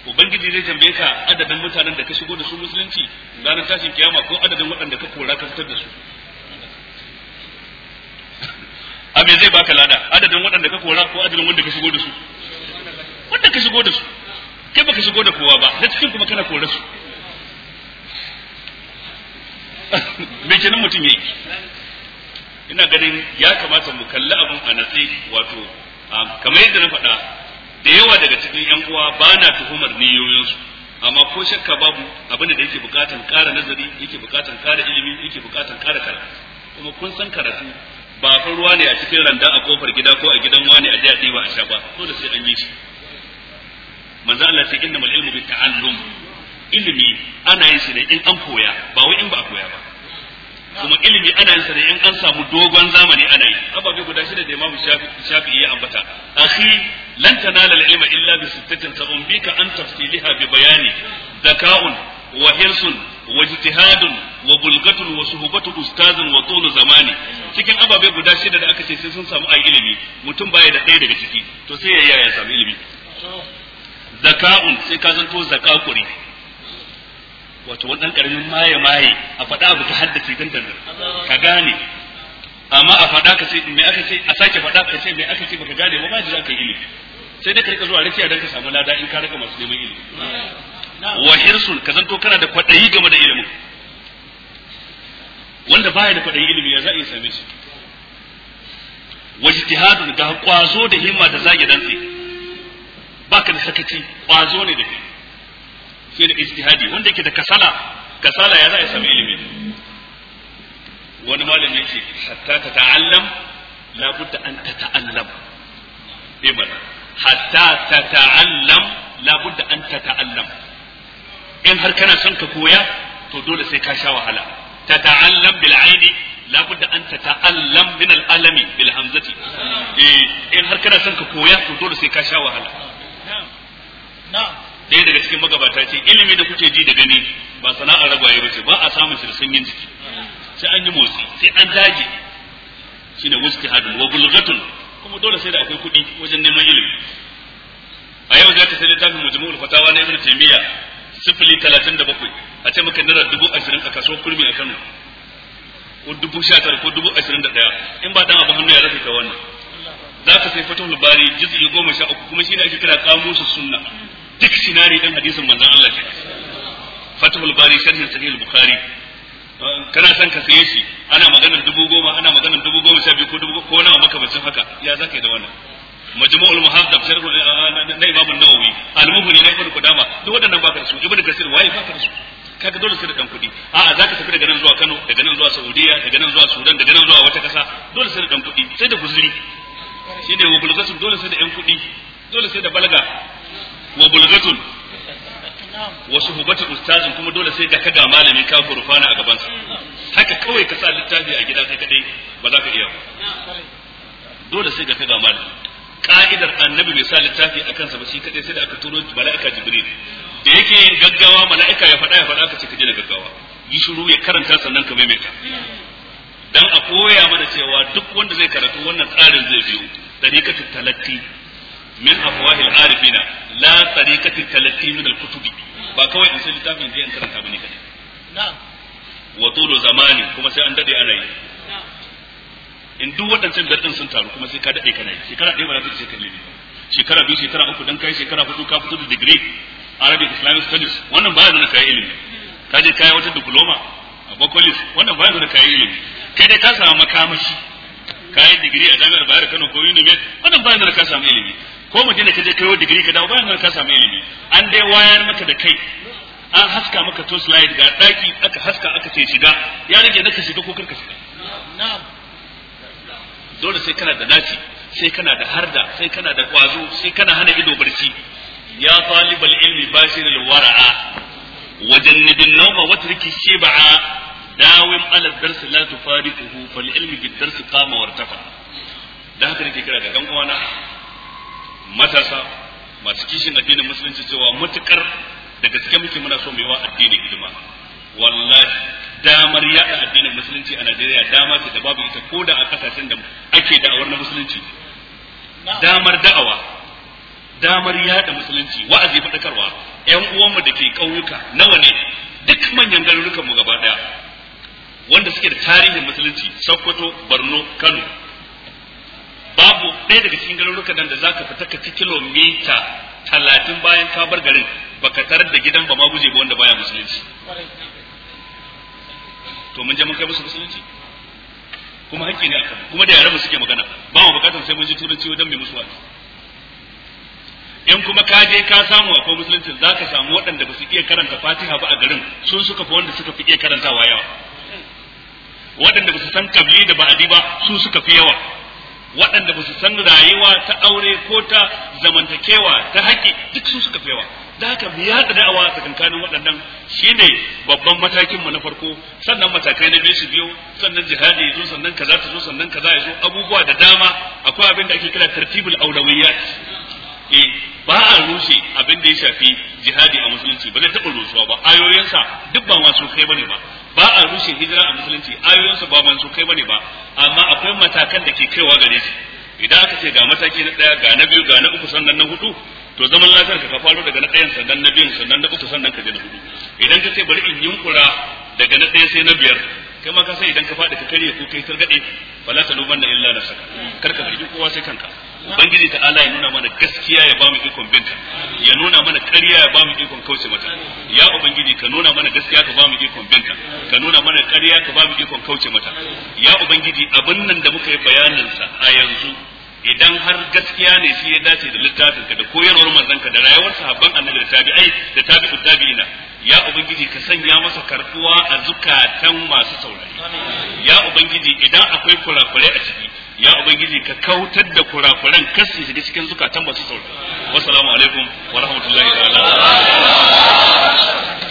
ubangiji zai tambaye ka adadin mutanen da ka shigo da su musulunci ranar tashin kiyama ko adadin waɗanda ka kora ka fitar da su a me zai baka lada adadin waɗanda ka kora ko adadin wanda ka shigo da su wanda ka shigo da su kai baka shigo da kowa ba na cikin kuma kana kora su me kenan mutum ya yi. ina ganin ya kamata mu kalli abin a natsi wato kamar yadda na faɗa da yawa daga cikin yan uwa ba na tuhumar niyoyinsu amma ko shakka babu abin da yake bukatan ƙara nazari yake bukatan ƙara ilimi yake bukatan ƙara karatu kuma kun san karatu ba fa ruwa ne a cikin randa a kofar gida ko a gidan wani a jiya ba a sha ba dole sai an yi shi manzo Allah ce innamal ilmu bi ta'allum ilimi ana yin ne in an koya ba wai in ba a koya ba kuma ilimi ana yin sa ne in an samu dogon zamani ana yi ababe guda shida da imamu shafi iya ambata akhi lan tanala al-ilma illa bi sittatin ta'umbika an tafsiliha bi bayani zaka'un wa hirsun wa ijtihadun wa bulgatun wa suhbatu ustazin wa tulu zamani cikin ababe guda shida da aka ce sai sun samu ai ilimi mutum baya da ɗaya daga ciki to sai ya ya samu ilimi zaka'un sai ka zanto zakakuri wato wani karamin maye maye a faɗa abu ka haddace dan ka gane amma a faɗa ka ce me aka ce a sake faɗa ka ce me aka ce baka gane ba ba za ka yi sai dai ka rika zuwa rakiya dan ka samu lada in ka rika masu neman ilimi wa hirsun ka zanto kana da kwadayi game da ilimin wanda baya da kwadayi ilimi ya za a iya same shi wajtihadun ga kwazo da himma da zage sai baka da sakaci kwazo ne da kai shi da ijtihadi wanda yake da kasala kasala ya za ya sami ilimi wani malami yace hatta ta ta'allam la budda an ta ta'allam imana hatta ta ta'allam la budda an ta ta'allam in har kana son ka koya to dole sai ka sha wahala ta ta'allam bil aini la budda an ta ta'allam min al alami bil hamzati eh, in har kana son ka koya to dole sai ka sha wahala na'am na'am ɗaya daga cikin magabata ce ilimi da kuke ji da gani ba sana'ar ragwaye ba ce ba a samun shi da sanyin jiki sai an yi motsi sai an dage shine wajtihadun wa bulghatun kuma dole sai da akwai kuɗi wajen neman ilimi a yau za ta sai littafin mujmu'ul fatawa na ibnu taymiya sifili talatin da bakwai a ce maka naira dubu ashirin a kaso kurmi a kano ko dubu sha tara ko dubu ashirin da ɗaya in ba dan abu hannu ya rasa ta wannan za ka sai fatahul bari juz'i goma sha uku kuma shine ake kira kamusu sunna duk sinari dan hadisin manzon Allah ke Fathul Bari sharhin Sahih Bukhari kana san ka saye shi ana maganar dubu goma ana maganar dubu goma sha biyu ko dubu ko nawa makamancin haka ya zaka da wannan majmu'ul muhaddab sharh eh, eh, na Imam an-Nawawi al muhni na Ibn Qudama duk wadannan baka da su Ibn kasir wai baka da su kaga dole sai da dan kuɗi a'a zaka tafi daga nan zuwa Kano daga nan zuwa Saudiya daga nan zuwa Sudan daga nan zuwa wata kasa dole sai da dan kuɗi sai da guzuri shi ne bulgasu dole sai da yan kudi dole sai da balaga wa bulgatun wa suhbatul ustazin kuma dole sai ka kaga malami ka gurfana a gabansa haka kawai ka sa littafi a gida kai kadai ba za ka iya ba dole sai ka kaga malami ka'idar annabi bai sa littafi a kansa ba shi kadai sai da aka turo mala'ika jibril da yake yin gaggawa mala'ika ya faɗa ya faɗa ka ce ka je da gaggawa yi shiru ya karanta sannan ka maimaita dan a koya mana cewa duk wanda zai karatu wannan tsarin zai biyo ka talatti min afwahil arifina la tariqati talqi min al-kutubi ba kawai in sai littafin je in karanta bane kadai na'am wa tulu zamani kuma sai an dade ana yi in duk waɗancan sun taru kuma sai ka dade kana yi shekara ɗaya ba za ta ce kalle ba shekara biyu shekara uku dan kai shekara hudu ka fito da degree Arabic Islamic Studies wannan baya nuna kai ilimi ka je kai wata diploma a Bakolis wannan baya nuna kai ilimi kai dai ka samu makamashi ka yi digiri a jami'ar Bayar Kano ko wannan ka samu ilimi ko mutum da ka je kayo digiri ka dawo bayan nan ka samu ilimi an dai wayar maka da kai an haska maka to slide ga daki aka haska aka ce shiga ya rage naka shiga ko karka shiga dole sai kana da naci sai kana da harda sai kana da kwazo sai kana hana ido barci ya talibal ilmi bashir Wajen wajannib an-nawma watriki shib'a dawim ala ad-dars la tufarikuhu fal ilmi bid-dars qama wartafa da haka nake kira ga dan uwana matasa masu kishin addinin musulunci cewa matukar da gaske muke muna so mai wa addini hidima wallahi damar yaɗa addinin musulunci a Najeriya dama ce da babu ita ko da a kasashen da ake da'awar na musulunci damar da'awa damar yaɗa musulunci wa'azi faɗakarwa yan uwanmu da ke ƙauyuka nawa ne duk manyan garurukan mu gaba ɗaya wanda suke da tarihin musulunci Sokoto Borno Kano babu ɗaya daga cikin garuruka nan da ka fita ka ci kilomita talatin bayan ka bar garin baka tarar da gidan ba ma guje ba wanda baya musulunci to mun je mun kai musu musulunci kuma hakki ne akan kuma da yaran mu suke magana ba mu bukatar sai mun ji turanci wajen mai musu wani in kuma ka je ka samu akwai musulunci za ka samu waɗanda ba su iya karanta fatiha ba a garin sun suka fi wanda suka fi iya karantawa yawa waɗanda ba su san kabli da ba'adi ba su suka fi yawa waɗanda ba su san rayuwa ta aure ko ta zamantakewa ta haƙƙi duk su suka fewa da haka mu da da'awa tsakankanin waɗannan shine babban matakin mu na farko sannan matakai na biyu su biyo sannan jihadi yazo sannan kaza ta zo sannan kaza zo abubuwa da dama akwai abin da ake kira tartibul aulawiyat E ba a rushe abin da ya shafi jihadi a musulunci ba zai taɓa rushewa ba ayoyinsa duk ba masu kai bane ba ba a rushe hijira a musulunci ayoyinsa ba masu kai bane ba amma akwai matakan da ke kaiwa gare shi idan aka ce ga mataki na ɗaya ga na biyu ga na uku sannan na hudu to zaman lafiyar ka faro daga na ɗayan sannan na biyun sannan na uku sannan ka je na hudu idan ka ce bari in yunkura daga na ɗaya sai na biyar kai ma ka san idan ka faɗi ka karye ko kai targaɗe fala ta na illa saka kar ka bari kowa sai kanka ubangiji ta ala ya nuna mana gaskiya ya ba mu ikon binta ya nuna mana kariya ya ba mu ikon kauce mata ya ubangiji ka nuna mana gaskiya ka ba mu ikon binta ka nuna mana kariya ka ba mu ikon kauce mata ya ubangiji abin nan da muka yi bayanin sa a yanzu idan har gaskiya ne shi ya dace da littafin ka da koyarwar ka da rayuwar sahabban annabi da tabi'ai da tabi'ut tabi'ina ya ubangiji ka sanya masa karfuwa a zukatan masu saurari ya ubangiji idan akwai kurakurai a ciki ya ubangiji ka kautar da kurakuran kasu shiga cikin zukatan masu sauraro wassalamu alaikum wa rahmatullahi ta'ala